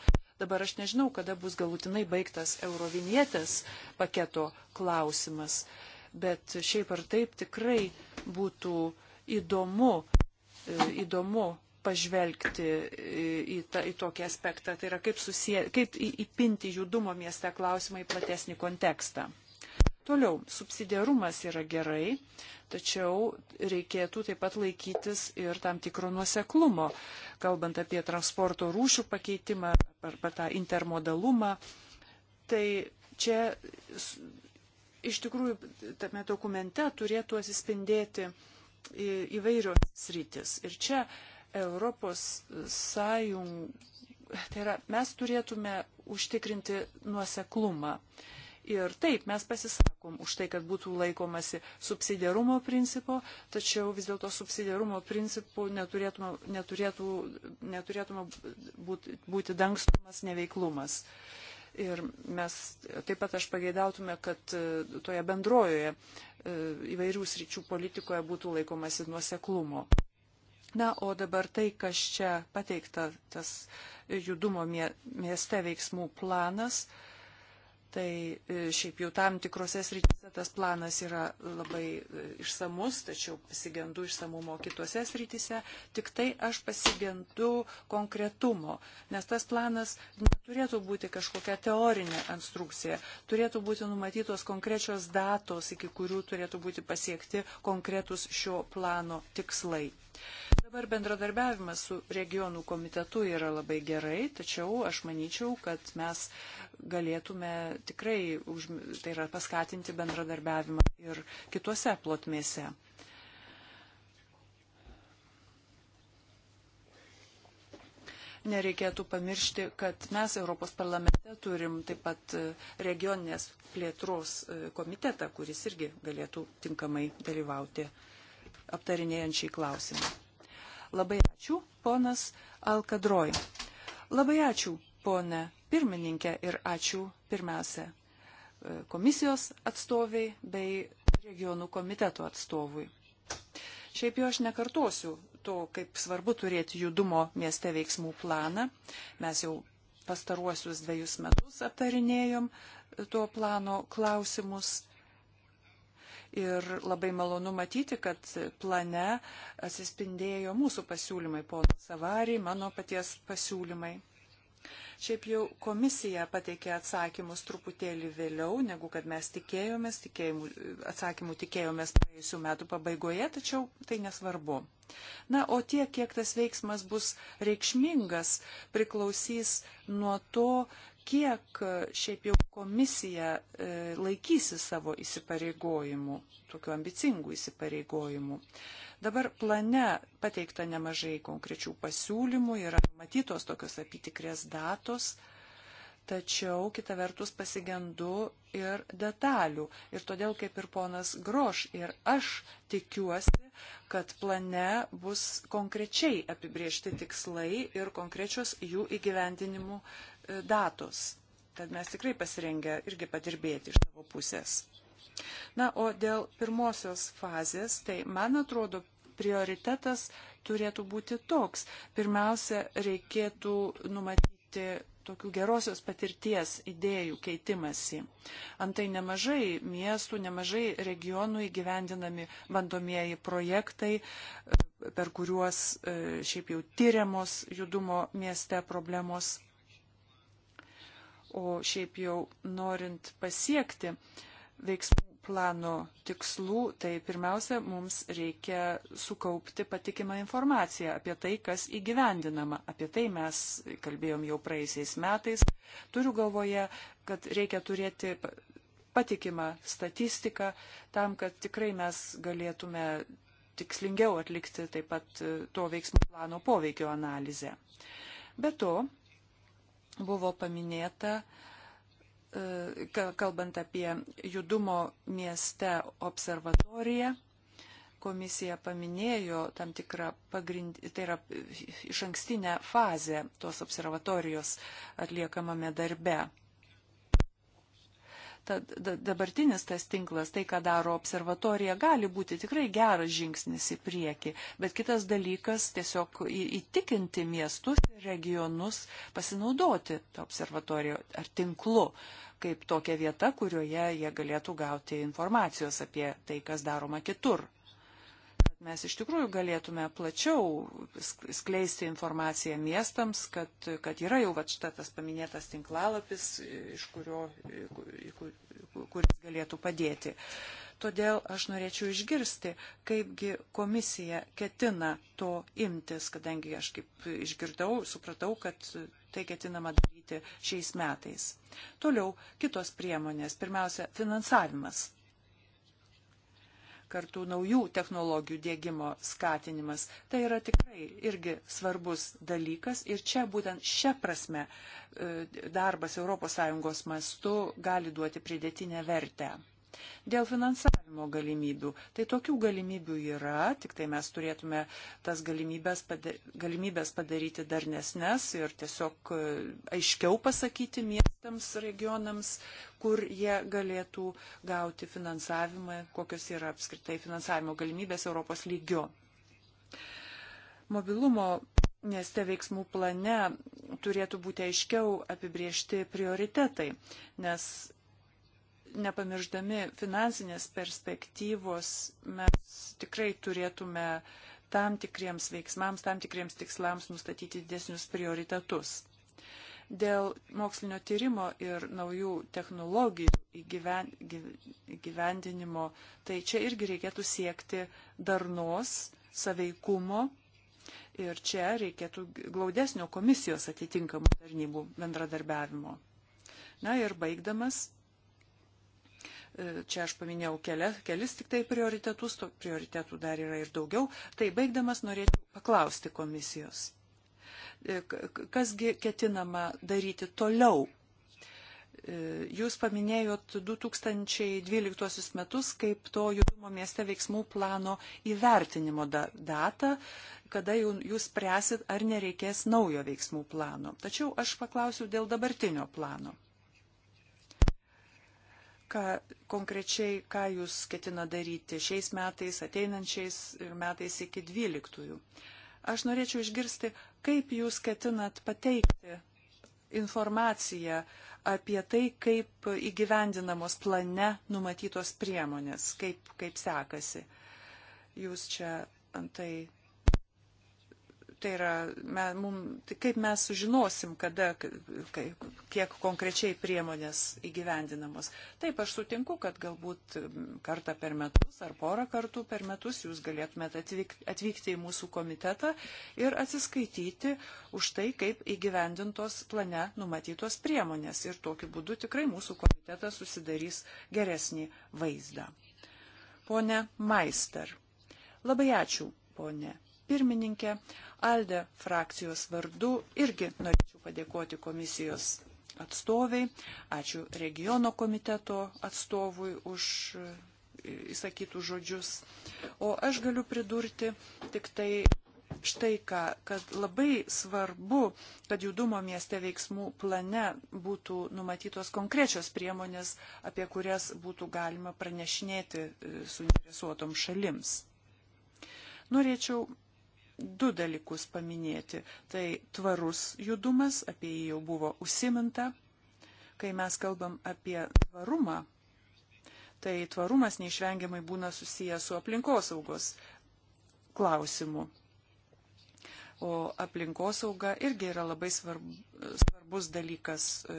Dabar aš nežinau, kada bus galutinai baigtas eurovinietės paketo klausimas. Uh, bet šiaip ar taip tikrai būtų įdomu, e, įdomu pažvelgti e, į, ta, į tokį aspektą, tai yra kaip, susie, kaip įpinti judumo mieste klausimą į platesnį kontekstą. Toliau, subsidiarumas yra gerai, tačiau reikėtų taip pat laikytis ir tam tikro nuoseklumo, kalbant apie transporto rūšių pakeitimą arba tą intermodalumą. Tai čia iš tikrųjų tame dokumente turėtų atsispindėti įvairios sritis. Ir čia Europos sąjung, tai yra, mes turėtume užtikrinti nuoseklumą. Ir taip, mes pasisakom už tai, kad būtų laikomasi subsidiarumo principo, tačiau vis dėlto subsidiarumo principų neturėtume, neturėtų, neturėtume būti, būti dangstumas neveiklumas. Ir mes taip pat aš pageidautume, kad e, toje bendrojoje e, įvairių sričių politikoje būtų laikomasi nuoseklumo. Na, o dabar tai, kas čia pateikta, tas judumo mieste veiksmų planas, uh, Tai e, šiaip jau tam tikrose srityse tas planas yra labai e, išsamus, tačiau pasigendu išsamumo kitose srityse. Tik tai aš pasigendu konkretumo, nes tas planas neturėtų būti kažkokia teorinė instrukcija. Turėtų būti numatytos konkrečios datos, iki kurių turėtų būti pasiekti konkretus šio plano tikslai. Dabar bendradarbiavimas su regionų komitetu yra labai gerai, tačiau aš manyčiau, kad mes galėtume tikrai už, tai yra paskatinti bendradarbiavimą ir kitose plotmėse. nereikėtų pamiršti, kad mes Europos parlamente turim taip pat e, regioninės plėtros e, komitetą, kuris irgi galėtų tinkamai dalyvauti aptarinėjant šį klausimą. Labai ačiū, ponas Alkadroj. Labai ačiū, ponė pirmininkė, ir ačiū pirmiausia e, komisijos atstoviai bei regionų komiteto atstovui. Šiaip jau aš nekartosiu to, kaip svarbu turėti judumo mieste veiksmų planą. Mes jau pastaruosius dviejus metus aptarinėjom to plano klausimus Ir labai malonu matyti, kad plane atsispindėjo mūsų pasiūlymai, pono Savarį, mano paties pasiūlymai. Šiaip jau komisija pateikė atsakymus truputėlį vėliau, negu kad mes tikėjomės, tikėjimų, atsakymų tikėjomės praėjusių metų pabaigoje, tačiau tai nesvarbu. Na, o tiek, kiek tas veiksmas bus reikšmingas, priklausys nuo to, kiek šiaip jau komisija e, laikysi savo įsipareigojimų, tokių ambicingų įsipareigojimų. Dabar plane pateikta nemažai konkrečių pasiūlymų, yra matytos tokios apytikrės datos, tačiau kita vertus pasigendu ir detalių. Ir todėl, kaip ir ponas Groš, ir aš tikiuosi, kad plane bus konkrečiai apibriežti tikslai ir konkrečios jų įgyvendinimų E, datos. Tad mes tikrai pasirengę irgi padirbėti iš savo pusės. Na, o dėl pirmosios fazės, tai man atrodo, prioritetas turėtų būti toks. Pirmiausia, reikėtų numatyti tokių gerosios patirties idėjų keitimasi. Antai nemažai miestų, nemažai regionų įgyvendinami bandomieji projektai, e, per kuriuos e, šiaip jau tyriamos judumo mieste problemos. O šiaip jau norint pasiekti veiksmų plano tikslų, tai pirmiausia, mums reikia sukaupti patikimą informaciją apie tai, kas įgyvendinama. Apie tai mes kalbėjom jau praeisiais metais. Turiu galvoje, kad reikia turėti patikimą statistiką tam, kad tikrai mes galėtume tikslingiau atlikti taip pat to veiksmų plano poveikio analizę. Be to, buvo paminėta, e, kalbant apie judumo mieste observatoriją, komisija paminėjo tam tikrą pagrindį, tai yra iš ankstinę fazę tos observatorijos atliekamame darbe. Tad dabartinis tas tinklas, tai, ką daro observatorija, gali būti tikrai geras žingsnis į priekį, bet kitas dalykas tiesiog įtikinti miestus ir regionus pasinaudoti tą observatoriją ar tinklu kaip tokia vieta, kurioje jie galėtų gauti informacijos apie tai, kas daroma kitur mes iš tikrųjų galėtume plačiau skleisti informaciją miestams, kad, kad yra jau va šitas paminėtas tinklalapis, iš kurio, kur, kuris galėtų padėti. Todėl aš norėčiau išgirsti, kaipgi komisija ketina to imtis, kadangi aš kaip išgirdau, supratau, kad tai ketinama daryti šiais metais. Toliau kitos priemonės. Pirmiausia, finansavimas kartu naujų technologijų dėgymo skatinimas. Tai yra tikrai irgi svarbus dalykas ir čia būtent šią prasme e, darbas ES mastu gali duoti pridėtinę vertę. Dėl finansavimo galimybių. Tai tokių galimybių yra, tik tai mes turėtume tas galimybės, pada, galimybės padaryti darnesnes ir tiesiog e, aiškiau pasakyti miestams, regionams, kur jie galėtų gauti finansavimą, kokios yra apskritai finansavimo galimybės Europos lygio. Mobilumo mieste veiksmų plane turėtų būti aiškiau apibriežti prioritetai, nes nepamirždami finansinės perspektyvos, mes tikrai turėtume tam tikriems veiksmams, tam tikriems tikslams nustatyti didesnius prioritetus. Dėl mokslinio tyrimo ir naujų technologijų įgyvendinimo, tai čia irgi reikėtų siekti darnos, saveikumo ir čia reikėtų glaudesnio komisijos atitinkamų tarnybų bendradarbiavimo. Na ir baigdamas, E, čia aš paminėjau kelias, kelis tik tai prioritetus, to prioritetų dar yra ir daugiau. Tai baigdamas norėčiau paklausti komisijos, e, kasgi ketinama daryti toliau. E, jūs paminėjot 2012 metus kaip to judumo mieste veiksmų plano įvertinimo datą, kada jūs spręsit, ar nereikės naujo veiksmų plano. Tačiau aš paklausiu dėl dabartinio plano ką konkrečiai, ką jūs ketina daryti šiais metais, ateinančiais ir metais iki 12. Aš norėčiau išgirsti, kaip jūs ketinat pateikti informaciją apie tai, kaip įgyvendinamos plane numatytos priemonės, kaip, kaip sekasi. Jūs čia antai Tai yra, me, mum, tai kaip mes sužinosim, kada, kai, kiek konkrečiai priemonės įgyvendinamos. Taip, aš sutinku, kad galbūt kartą per metus ar porą kartų per metus jūs galėtumėte atvykti, atvykti į mūsų komitetą ir atsiskaityti už tai, kaip įgyvendintos plane numatytos priemonės. Ir tokiu būdu tikrai mūsų komitetas susidarys geresnį vaizdą. Pone Maister. Labai ačiū, ponė pirmininkė. Alde frakcijos vardu irgi norėčiau padėkoti komisijos atstoviai. Ačiū regiono komiteto atstovui už įsakytų e, žodžius. O aš galiu pridurti tik tai štai ką, kad labai svarbu, kad judumo mieste veiksmų plane būtų numatytos konkrečios priemonės, apie kurias būtų galima pranešinėti e, suinteresuotom šalims. Norėčiau du dalykus paminėti. Tai tvarus judumas, apie jį jau buvo užsiminta. Kai mes kalbam apie tvarumą, tai tvarumas neišvengiamai būna susijęs su aplinkosaugos klausimu. O aplinkosauga irgi yra labai svarb, svarbus dalykas e,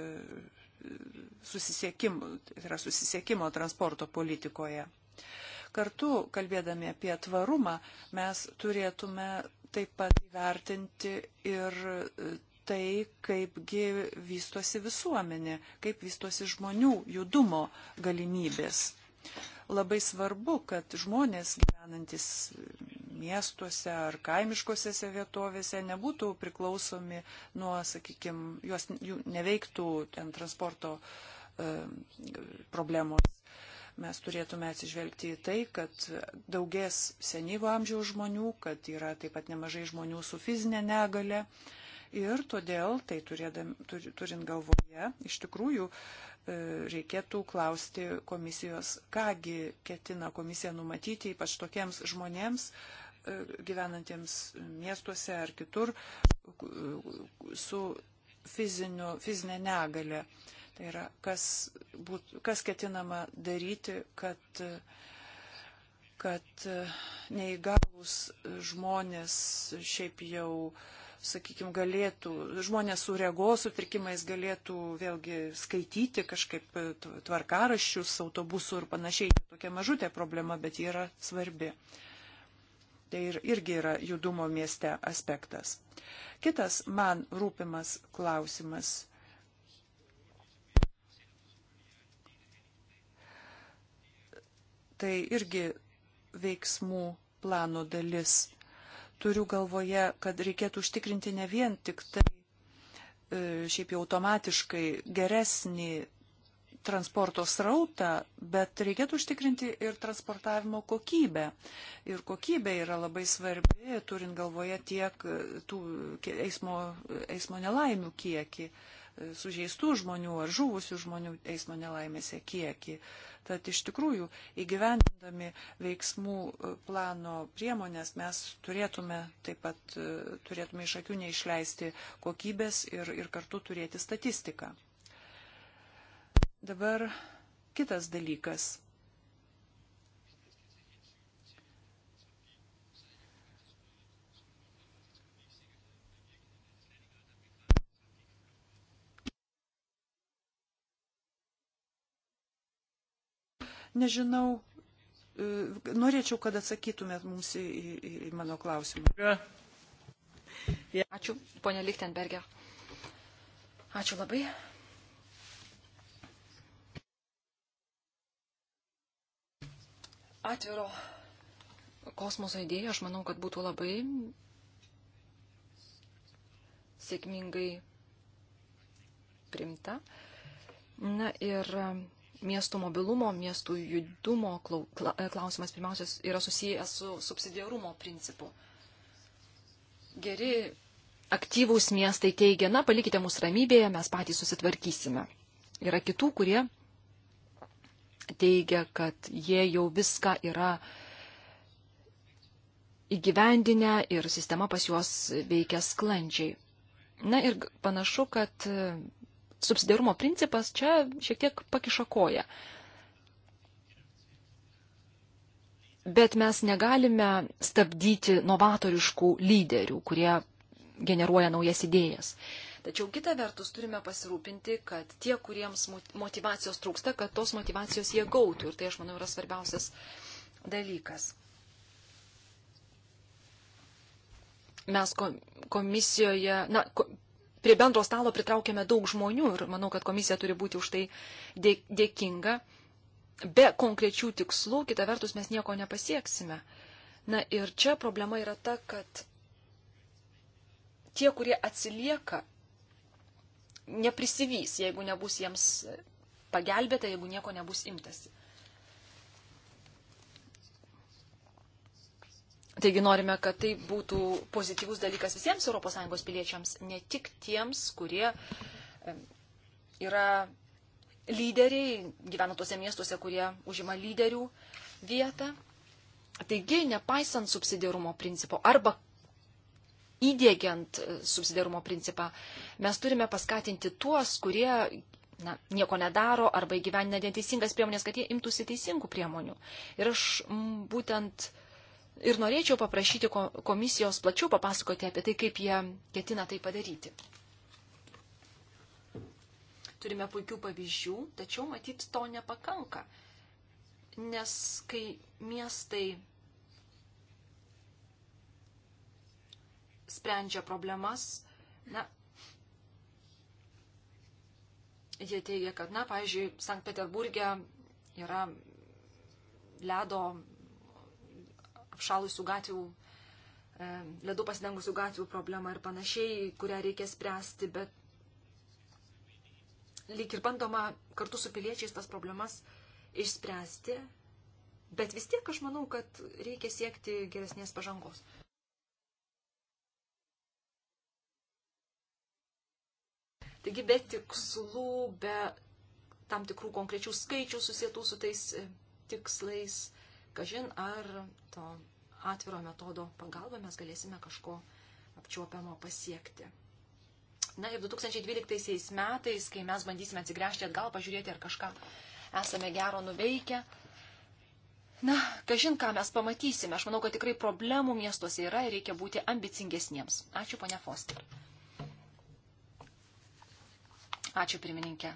susisiekimo, tai yra susisiekimo transporto politikoje. Kartu, kalbėdami apie tvarumą, mes turėtume taip pat įvertinti ir e, tai, kaipgi vystosi visuomenė, kaip vystosi žmonių judumo galimybės. Labai svarbu, kad žmonės gyvenantis miestuose ar kaimiškose vietovėse nebūtų priklausomi nuo, sakykime, juos neveiktų ten transporto e, problemos mes turėtume atsižvelgti į tai, kad daugės senyvo amžiaus žmonių, kad yra taip pat nemažai žmonių su fizinė negale. Ir todėl, tai turėdam, tur, turint galvoje, iš tikrųjų e, reikėtų klausti komisijos, kągi ketina komisija numatyti, ypač tokiems žmonėms, e, gyvenantiems miestuose ar kitur, e, su fiziniu, fizinė negalė. Uh, Tai yra, kas, būt, kas ketinama daryti, kad, kad e, neįgalus žmonės šiaip jau, sakykime, galėtų, žmonės su regos sutrikimais galėtų vėlgi skaityti kažkaip e, tvarkaraščius, autobusų ir panašiai. Tokia mažutė problema, bet ji yra svarbi. Tai ir, irgi yra judumo mieste aspektas. Kitas man rūpimas klausimas tai irgi veiksmų plano dalis. Turiu galvoje, kad reikėtų užtikrinti ne vien tik tai e, šiaip jau automatiškai geresnį transporto srautą, bet reikėtų užtikrinti ir transportavimo kokybę. Ir kokybė yra labai svarbi, turint galvoje tiek e, tų eismo, eismo nelaimių kiekį. Uh, sužeistų žmonių ar žuvusių žmonių eismo nelaimėse kiekį. Tad iš tikrųjų įgyvendindami veiksmų e, plano priemonės mes turėtume taip pat e, turėtume iš akių neišleisti kokybės ir, ir kartu turėti statistiką. Dabar kitas dalykas Nežinau, e, norėčiau, kad atsakytumėt mums į, į, į mano klausimą. Ačiū, ponia Lichtenberger. Ačiū labai. Atviro kosmoso idėja, aš manau, kad būtų labai sėkmingai primta. Na ir miestų mobilumo, miestų judumo e, klausimas pirmiausias yra susijęs su subsidiarumo principu. Geri aktyvūs miestai teigia, na, palikite mus ramybėje, mes patys susitvarkysime. Yra kitų, kurie teigia, kad jie jau viską yra įgyvendinę ir sistema pas juos veikia sklandžiai. Na ir panašu, kad subsidiarumo principas čia šiek tiek pakiša koją. Bet mes negalime stabdyti novatoriškų lyderių, kurie generuoja naujas idėjas. Tačiau kita vertus turime pasirūpinti, kad tie, kuriems motivacijos trūksta, kad tos motivacijos jie gautų. Ir tai, aš manau, yra svarbiausias dalykas. Mes komisijoje, na, prie bendro stalo pritraukėme daug žmonių ir manau, kad komisija turi būti už tai dėkinga. Be konkrečių tikslų, kita vertus, mes nieko nepasieksime. Na ir čia problema yra ta, kad tie, kurie atsilieka, neprisivys, jeigu nebus jiems pagelbėta, jeigu nieko nebus imtasi. Taigi norime, kad tai būtų pozityvus dalykas visiems ES piliečiams, ne tik tiems, kurie yra lyderiai, gyvena tuose miestuose, kurie užima lyderių vietą. Taigi, nepaisant subsidiarumo principo arba įdėgiant e, subsidiarumo principą, mes turime paskatinti tuos, kurie na, nieko nedaro arba įgyvenina neteisingas priemonės, kad jie imtųsi teisingų priemonių. Ir aš m, būtent ir norėčiau paprašyti komisijos plačiau papasakoti apie tai, kaip jie ketina tai padaryti. Turime puikių pavyzdžių, tačiau matyt to nepakanka, nes kai miestai sprendžia problemas, na, jie teigia, kad, na, pavyzdžiui, Sankt Peterburgė yra ledo apšalusių gatvių, e, ledų pasidengusių gatvių problemą ir panašiai, kurią reikia spręsti, bet lyg ir bandoma kartu su piliečiais tas problemas išspręsti, bet vis tiek aš manau, kad reikia siekti geresnės pažangos. Taigi be tikslų, be tam tikrų konkrečių skaičių susietų su tais e, tikslais, kažin ar to atviro metodo pagalba mes galėsime kažko apčiuopiamo pasiekti. Na ir 2012 metais, kai mes bandysime atsigręžti atgal, pažiūrėti, ar kažką esame gero nuveikę, na, kažin ką mes pamatysime. Aš manau, kad tikrai problemų miestuose yra ir reikia būti ambicingesniems. Ačiū, ponia Foster. Ačiū, pirmininkė.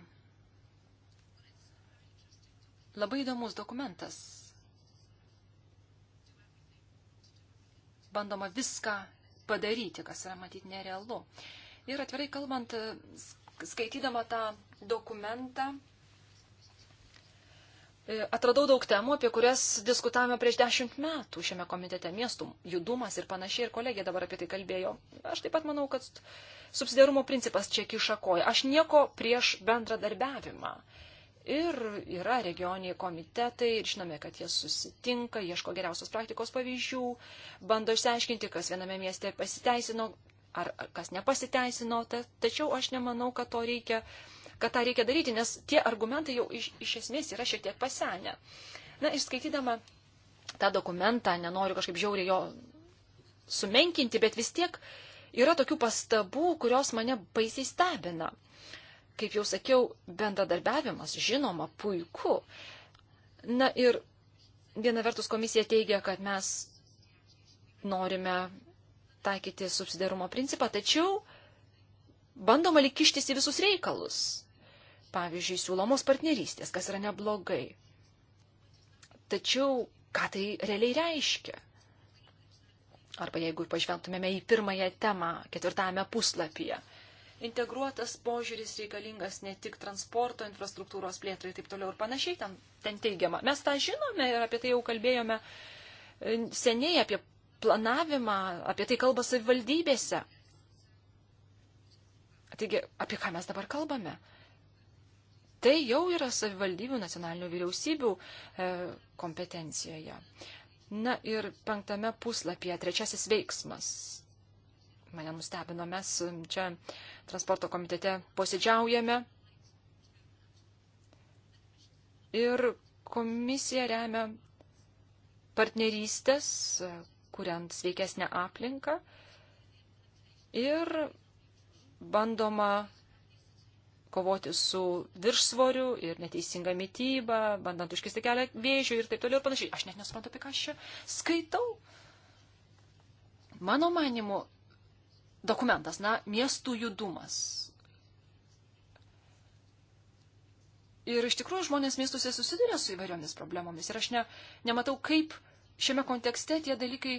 Labai įdomus dokumentas bandoma viską padaryti, kas yra matyti nerealu. Ir atvirai kalbant, skaitydama tą dokumentą, e, atradau daug temų, apie kurias diskutavome prieš dešimt metų šiame komitete miestų judumas ir panašiai, ir kolegė dabar apie tai kalbėjo. Aš taip pat manau, kad subsidiarumo principas čia kiša koja. Aš nieko prieš bendradarbiavimą. Ir yra regioniniai komitetai, ir žinome, kad jie susitinka, ieško geriausios praktikos pavyzdžių, bando išsiaiškinti, kas viename mieste pasiteisino, ar kas nepasiteisino. Ta, tačiau aš nemanau, kad to reikia, kad tą reikia daryti, nes tie argumentai jau iš, iš esmės yra šiek tiek pasenę. Na, išskaitydama tą dokumentą, nenoriu kažkaip žiauriai jo sumenkinti, bet vis tiek yra tokių pastabų, kurios mane baisiai stebina kaip jau sakiau, bendradarbiavimas, žinoma, puiku. Na ir viena vertus komisija teigia, kad mes norime taikyti subsidiarumo principą, tačiau bandoma likištis į visus reikalus. Pavyzdžiui, siūlomos partnerystės, kas yra neblogai. Tačiau ką tai realiai reiškia? Arba jeigu pažvelgtumėme į pirmąją temą ketvirtame puslapyje – integruotas požiūris reikalingas ne tik transporto infrastruktūros plėtrai ir taip toliau ir panašiai ten, ten teigiama. Mes tą žinome ir apie tai jau kalbėjome e, seniai apie planavimą, apie tai kalba savivaldybėse. Taigi, apie ką mes dabar kalbame? Tai jau yra savivaldybių nacionalinių vyriausybių e, kompetencijoje. Na ir penktame puslapyje trečiasis veiksmas mane nustebino, mes čia transporto komitete posėdžiaujame ir komisija remia partnerystės, kuriant sveikesnę aplinką ir bandoma kovoti su viršsvoriu ir neteisinga mytyba, bandant užkisti kelią vėžių ir taip toliau ir panašiai. Aš net nesuprantu, apie ką aš čia skaitau. Mano manimu, dokumentas, na, miestų judumas. Ir iš tikrųjų žmonės miestuose susiduria su įvairiomis problemomis. Ir aš ne, nematau, kaip šiame kontekste tie dalykai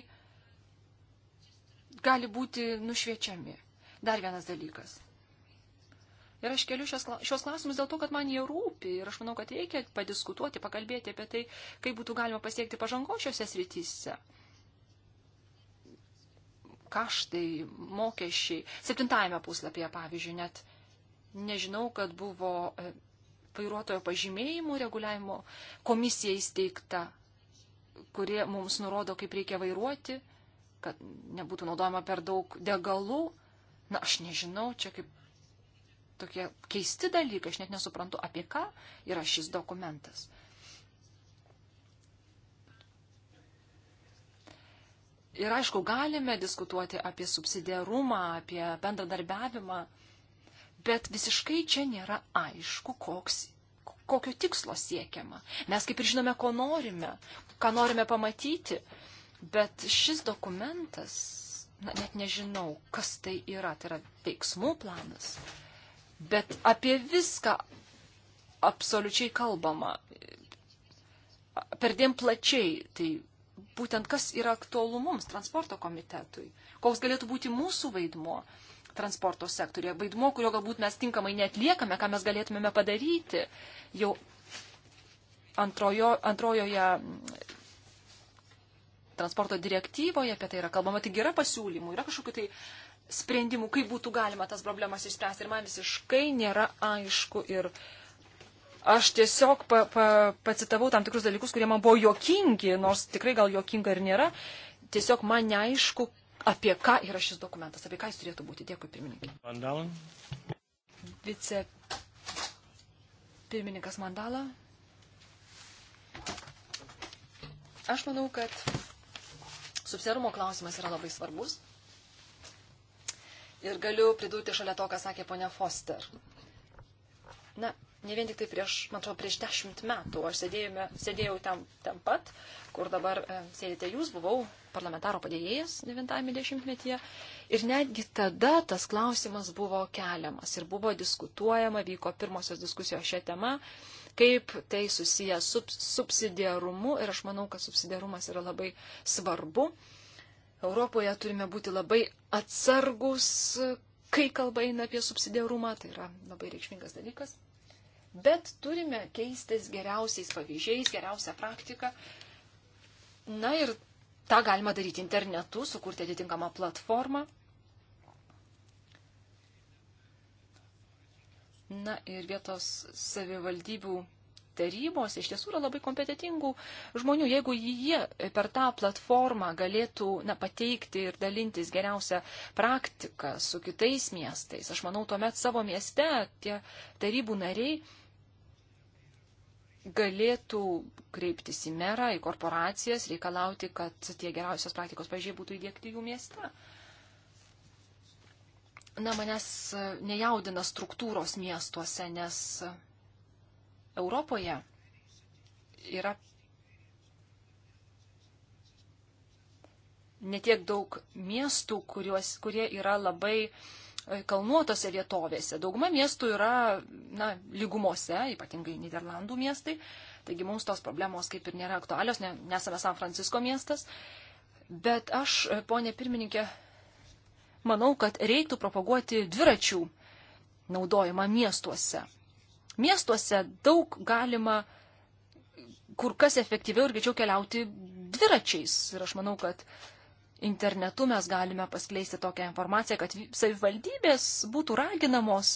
gali būti nušviečiami. Dar vienas dalykas. Ir aš keliu šios, šios klausimus dėl to, kad man jie rūpi ir aš manau, kad reikia padiskutuoti, pakalbėti apie tai, kaip būtų galima pasiekti pažangos šiuose srityse kaštai, mokesčiai. Septintajame puslapyje, pavyzdžiui, net nežinau, kad buvo e, vairuotojo pažymėjimų reguliavimo komisija įsteigta, kuri mums nurodo, kaip reikia vairuoti, kad nebūtų naudojama per daug degalų. Na, aš nežinau, čia kaip tokie keisti dalykai, aš net nesuprantu, apie ką yra šis dokumentas. Ir aišku, galime diskutuoti apie subsidiarumą, apie bendradarbiavimą, bet visiškai čia nėra aišku, koks, kokio tikslo siekiama. Mes kaip ir žinome, ko norime, ką norime pamatyti, bet šis dokumentas, na, net nežinau, kas tai yra, tai yra veiksmų planas, bet apie viską absoliučiai kalbama, perdėm plačiai, tai būtent kas yra aktualu mums, transporto komitetui, koks galėtų būti mūsų vaidmo transporto sektorėje, vaidmo, kurio galbūt mes tinkamai netliekame, ką mes galėtumėme padaryti jau antrojo, antrojoje transporto direktyvoje, apie tai yra kalbama, taigi yra pasiūlymų, yra kažkokiu tai sprendimų, kaip būtų galima tas problemas išspręsti. Ir man visiškai nėra aišku ir uh, Aš tiesiog pa, pa, pacitavau tam tikrus dalykus, kurie man buvo jokingi, nors tikrai gal jokinga ir nėra. Tiesiog man neaišku, apie ką yra šis dokumentas, apie ką jis turėtų būti. Dėkui, pirmininkė. Vandalon. Vice pirmininkas Mandala. Aš manau, kad subsidarumo klausimas yra labai svarbus. Ir galiu pridurti šalia to, ką sakė ponia Foster. Na, ne vien tik tai prieš, man atrodo, prieš dešimt metų. Aš sėdėjome, sėdėjau ten, ten pat, kur dabar e, sėdite jūs, buvau parlamentaro padėjėjas 90-metyje. Ir netgi tada tas klausimas buvo keliamas ir buvo diskutuojama, vyko pirmosios diskusijos šią temą, kaip tai susiję su subsidiarumu. Ir aš manau, kad subsidiarumas yra labai svarbu. Europoje turime būti labai atsargus, kai kalba eina apie subsidiarumą, tai yra labai reikšmingas dalykas bet turime keistis geriausiais pavyzdžiais, geriausią praktiką. Na ir tą galima daryti internetu, sukurti atitinkamą platformą. Na ir vietos savivaldybių tarybos iš tiesų yra labai kompetitingų žmonių. Jeigu jie per tą platformą galėtų na, pateikti ir dalintis geriausią praktiką su kitais miestais, aš manau, tuomet savo mieste tie tarybų nariai galėtų kreiptis į merą, į korporacijas, reikalauti, kad tie geriausios praktikos pažiūrėjai būtų įdėkti jų mieste. Na, manęs nejaudina struktūros miestuose, nes Europoje yra netiek daug miestų, kuriuos, kurie yra labai uh, E, kalnuotose vietovėse. Dauguma miestų yra na, lygumose, ypatingai Niderlandų miestai, taigi mums tos problemos kaip ir nėra aktualios, ne, nesame San Francisko miestas. Bet aš, e, ponė pirmininkė, manau, kad reiktų propaguoti dviračių naudojimą miestuose. Miestuose daug galima kur kas efektyviau ir greičiau keliauti dviračiais. Ir aš manau, kad uh, internetu mes galime paskleisti tokią informaciją, kad savivaldybės būtų raginamos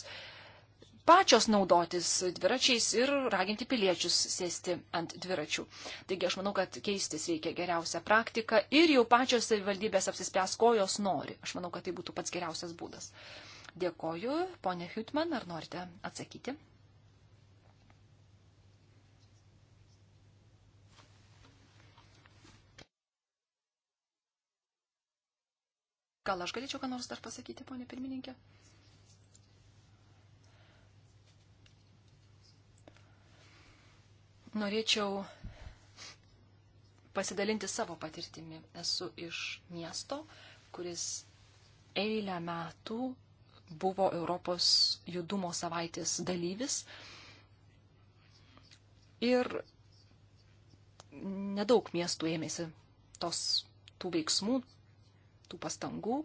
pačios naudotis dviračiais ir raginti piliečius sėsti ant dviračių. Taigi aš manau, kad keistis reikia geriausią praktiką ir jau pačios savivaldybės apsispręs, ko jos nori. Aš manau, kad tai būtų pats geriausias būdas. Dėkoju, ponė Hütman, ar norite atsakyti? Gal aš galėčiau ką nors dar pasakyti, ponė pirmininkė? Norėčiau pasidalinti savo patirtimi. Esu iš miesto, kuris eilę metų buvo Europos judumo savaitės dalyvis. Ir nedaug miestų ėmėsi tos tų veiksmų, tų pastangų.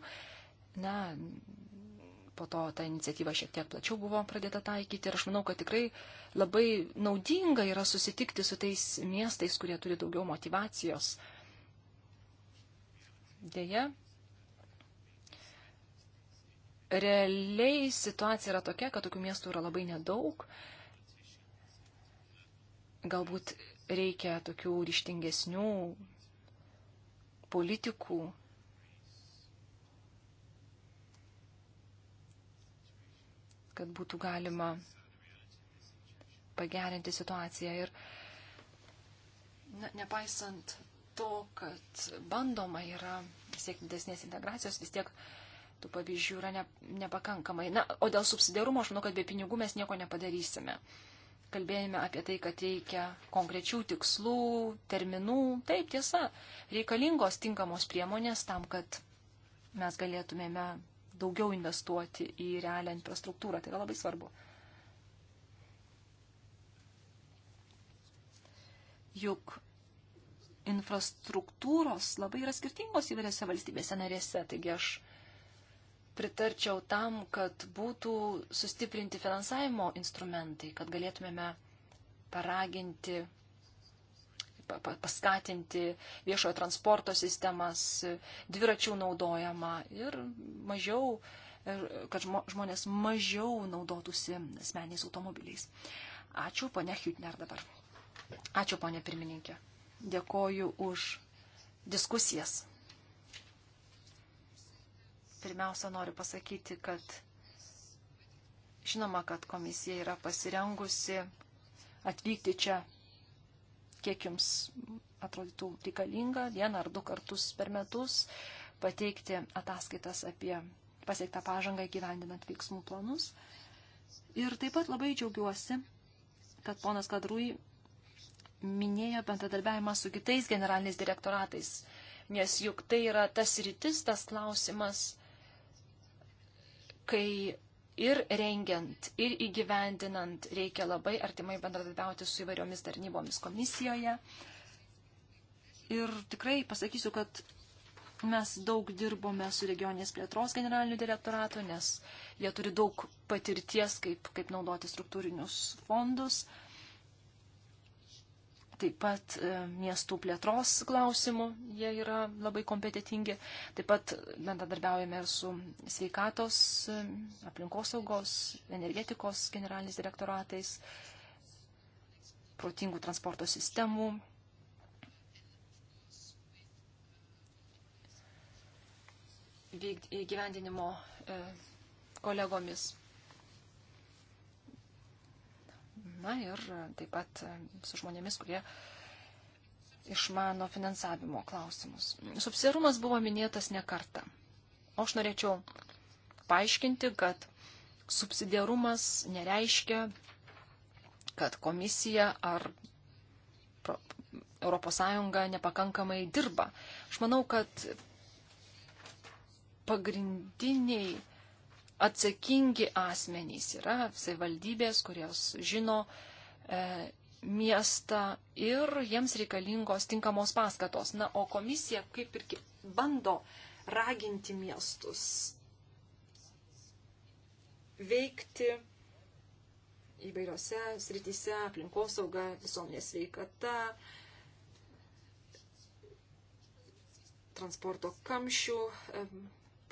Na, po to ta iniciatyva šiek tiek plačiau buvo pradėta taikyti ir aš manau, kad tikrai labai naudinga yra susitikti su tais miestais, kurie turi daugiau motivacijos. Deja, realiai situacija yra tokia, kad tokių miestų yra labai nedaug. Galbūt reikia tokių ryštingesnių politikų, kad būtų galima pagerinti situaciją. Ir na, nepaisant to, kad bandoma yra siekti didesnės integracijos, vis tiek tų pavyzdžių yra ne, nepakankamai. Na, o dėl subsidiarumo aš manau, kad be pinigų mes nieko nepadarysime. Kalbėjome apie tai, kad reikia konkrečių tikslų, terminų. Taip, tiesa, reikalingos tinkamos priemonės tam, kad mes galėtumėme daugiau investuoti į realią infrastruktūrą. Tai yra labai svarbu. Juk infrastruktūros labai yra skirtingos įvairiose valstybėse narėse. Taigi aš pritarčiau tam, kad būtų sustiprinti finansavimo instrumentai, kad galėtumėme paraginti paskatinti viešojo transporto sistemas, dviračių naudojimą ir mažiau, kad žmonės mažiau naudotųsi asmeniais automobiliais. Ačiū, ponia Hütner dabar. Ačiū, ponia pirmininkė. Dėkoju už diskusijas. Pirmiausia, noriu pasakyti, kad žinoma, kad komisija yra pasirengusi atvykti čia kiek jums atrodytų reikalinga vieną ar du kartus per metus pateikti ataskaitas apie pasiektą pažangą įgyvendinant veiksmų planus. Ir taip pat labai džiaugiuosi, kad ponas Kadrui minėjo bendradarbiavimą su kitais generaliniais direktoratais, nes juk tai yra tas rytis, tas klausimas, kai ir rengiant, ir įgyvendinant reikia labai artimai bendradarbiauti su įvairiomis tarnybomis komisijoje. Ir tikrai pasakysiu, kad mes daug dirbome su regioninės plėtros generaliniu direktoratu, nes jie turi daug patirties, kaip, kaip naudoti struktūrinius fondus. Uh, Taip pat e, miestų plėtros klausimų jie yra labai kompetitingi. Taip pat bendradarbiaujame ir su sveikatos, e, aplinkosaugos, energetikos generaliniais direktoratais, protingų transporto sistemų. įgyvendinimo e, kolegomis. Na ir taip pat su žmonėmis, kurie išmano finansavimo klausimus. Subsidarumas buvo minėtas ne kartą. O aš norėčiau paaiškinti, kad subsidiarumas nereiškia, kad komisija ar ES nepakankamai dirba. Aš manau, kad pagrindiniai atsakingi asmenys yra savivaldybės, kurios žino e, miestą ir jiems reikalingos tinkamos paskatos. Na, o komisija kaip ir bando raginti miestus veikti įvairiose srityse - aplinkosauga, visuomenės veikata, transporto kamščių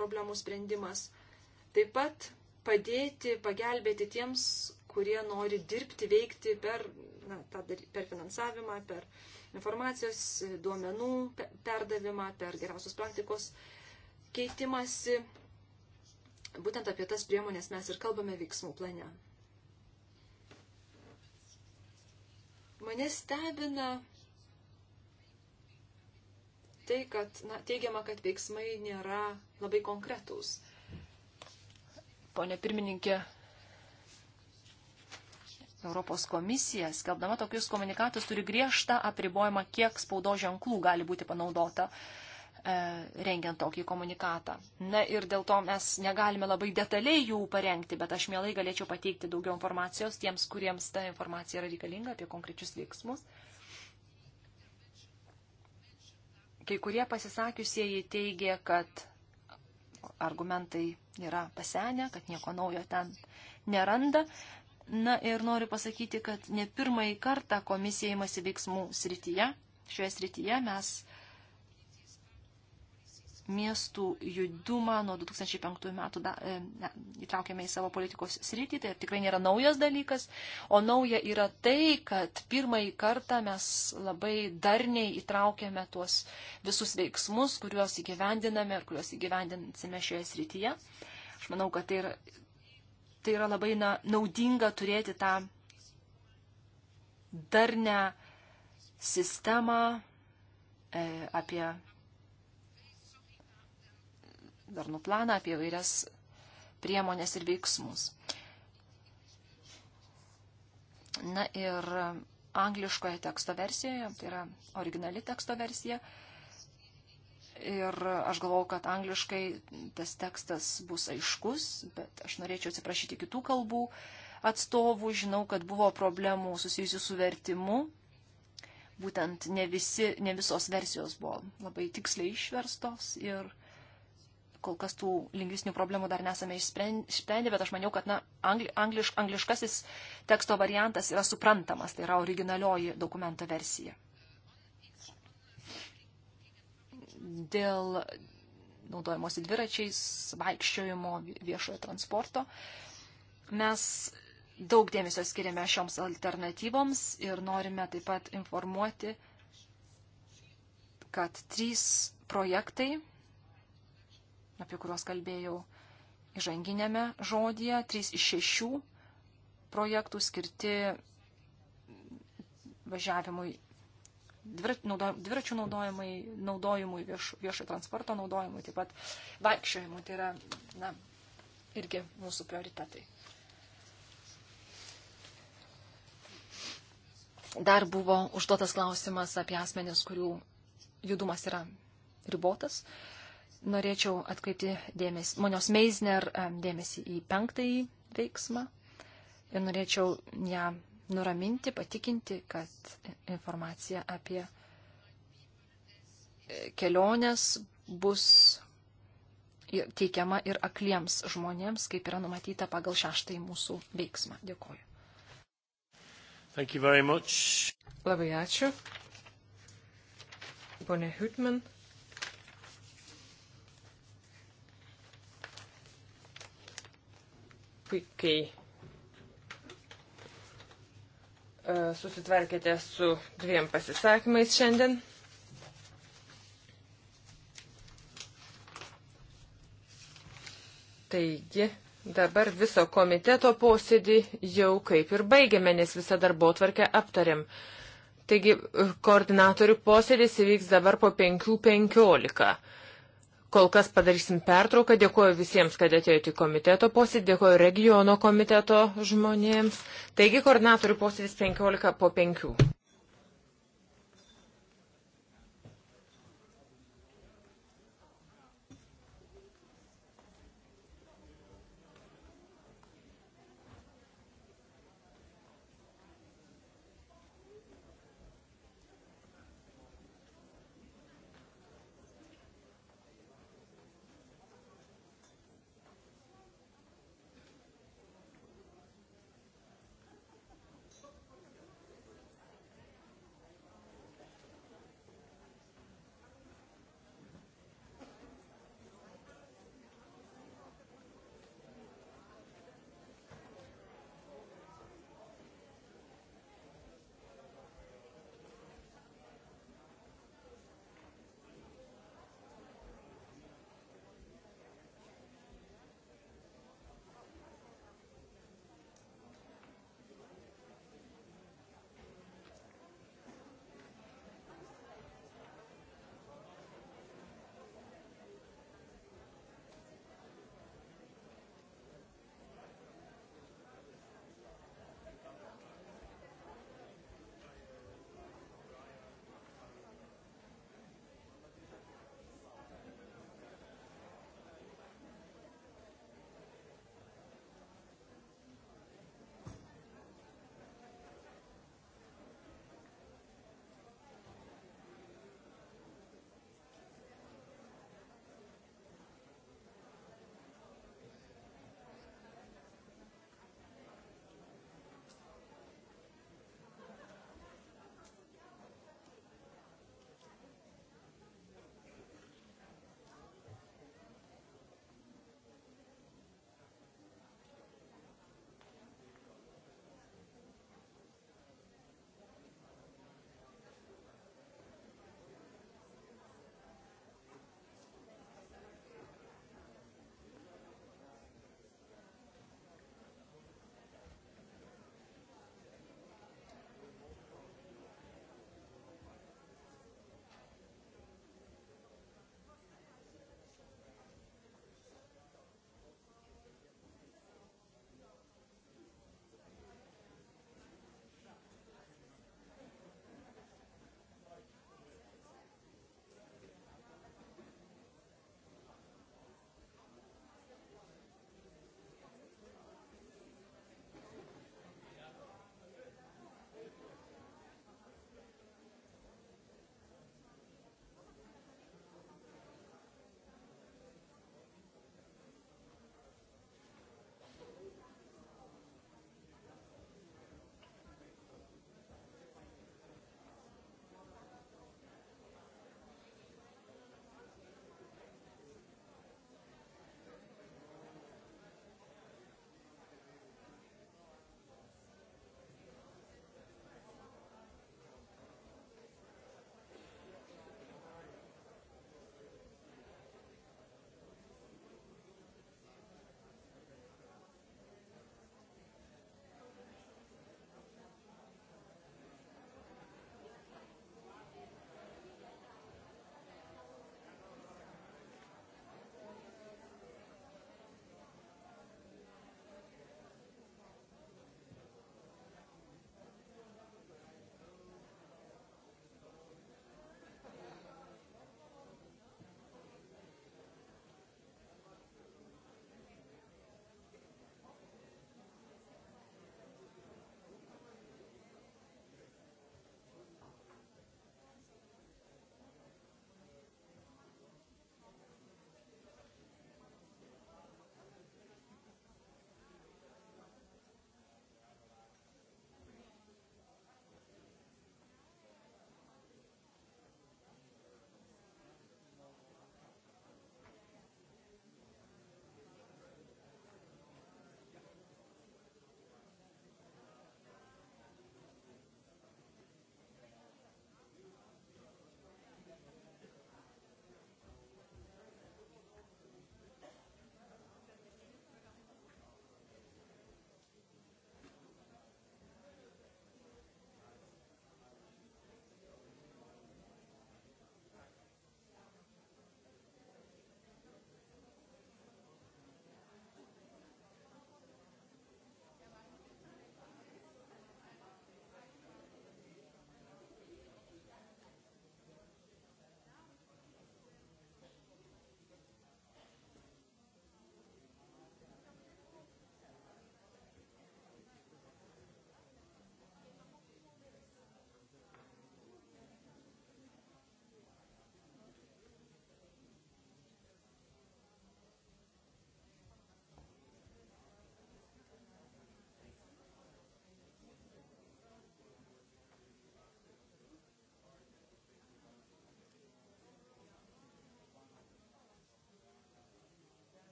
problemų sprendimas. Taip pat padėti, pagelbėti tiems, kurie nori dirbti, veikti per, na, tą, per finansavimą, per informacijos, duomenų perdavimą, per geriausios praktikos keitimąsi. Būtent apie tas priemonės mes ir kalbame veiksmų plane. Mane stebina tai, kad na, teigiama, kad veiksmai nėra labai konkretūs ponė pirmininkė, Europos komisija, skelbdama tokius komunikatus, turi griežtą apribojimą, kiek spaudo ženklų gali būti panaudota e, rengiant tokį komunikatą. Na ir dėl to mes negalime labai detaliai jų parengti, bet aš mielai galėčiau pateikti daugiau informacijos tiems, kuriems ta informacija yra reikalinga apie konkrečius veiksmus. Kai kurie pasisakiusieji teigia, kad argumentai yra pasenę, kad nieko naujo ten neranda. Na ir noriu pasakyti, kad ne pirmąjį kartą komisija įmasi veiksmų srityje. Šioje srityje mes miestų judumą nuo 2005 metų da, e, ne, įtraukėme į savo politikos sritį, tai tikrai nėra naujas dalykas, o nauja yra tai, kad pirmąjį kartą mes labai darniai įtraukėme tuos visus veiksmus, kuriuos įgyvendiname ir kuriuos įgyvendinsime šioje srityje. Aš manau, kad tai yra, tai yra labai na, naudinga turėti tą darnę sistemą e, apie darnų planą, apie vairias priemonės ir veiksmus. Na ir angliškoje teksto versijoje, tai yra originali teksto versija. Ir aš galvau, kad angliškai tas tekstas bus aiškus, bet aš norėčiau atsiprašyti kitų kalbų atstovų. Žinau, kad buvo problemų susijusių su vertimu. Būtent ne, visi, ne visos versijos buvo labai tiksliai išverstos ir kol kas tų lingvistinių problemų dar nesame išsprendę, bet aš maniau, kad na, angli, angliš, angliškasis teksto variantas yra suprantamas, tai yra originalioji dokumento versija. Dėl naudojimuosi dviračiais, vaikščiojimo viešojo transporto mes daug dėmesio skiriame šioms alternatyvoms ir norime taip pat informuoti, kad trys projektai apie kuriuos kalbėjau įžanginėme žodėje. Trys iš šešių projektų skirti važiavimui, dviračių naudojimui, naudojimui vieš, viešo transporto naudojimui, taip pat vaikščiojimui. Tai yra na, irgi mūsų prioritetai. Dar buvo užduotas klausimas apie asmenės, kurių judumas yra ribotas. Uh, norėčiau atkreipti dėmesį, monios Meisner dėmesį į penktąjį veiksmą ir norėčiau ją nuraminti, patikinti, kad informacija apie e, keliones bus teikiama ir akliems žmonėms, kaip yra numatyta pagal šeštąjį mūsų veiksmą. Dėkoju. Labai ačiū. Pone Hütman. puikiai e, susitvarkėte su dviem pasisakymais šiandien. Taigi, dabar viso komiteto posėdį jau kaip ir baigėme, nes visą darbo tvarkę aptarėm. Taigi, koordinatorių posėdis įvyks dabar po 5.15. Kol kas padarysim pertrauką. Dėkuoju visiems, kad atėjote į komiteto posėdį. Dėkuoju regiono komiteto žmonėms. Taigi, koordinatorių posėdis 15 po 5.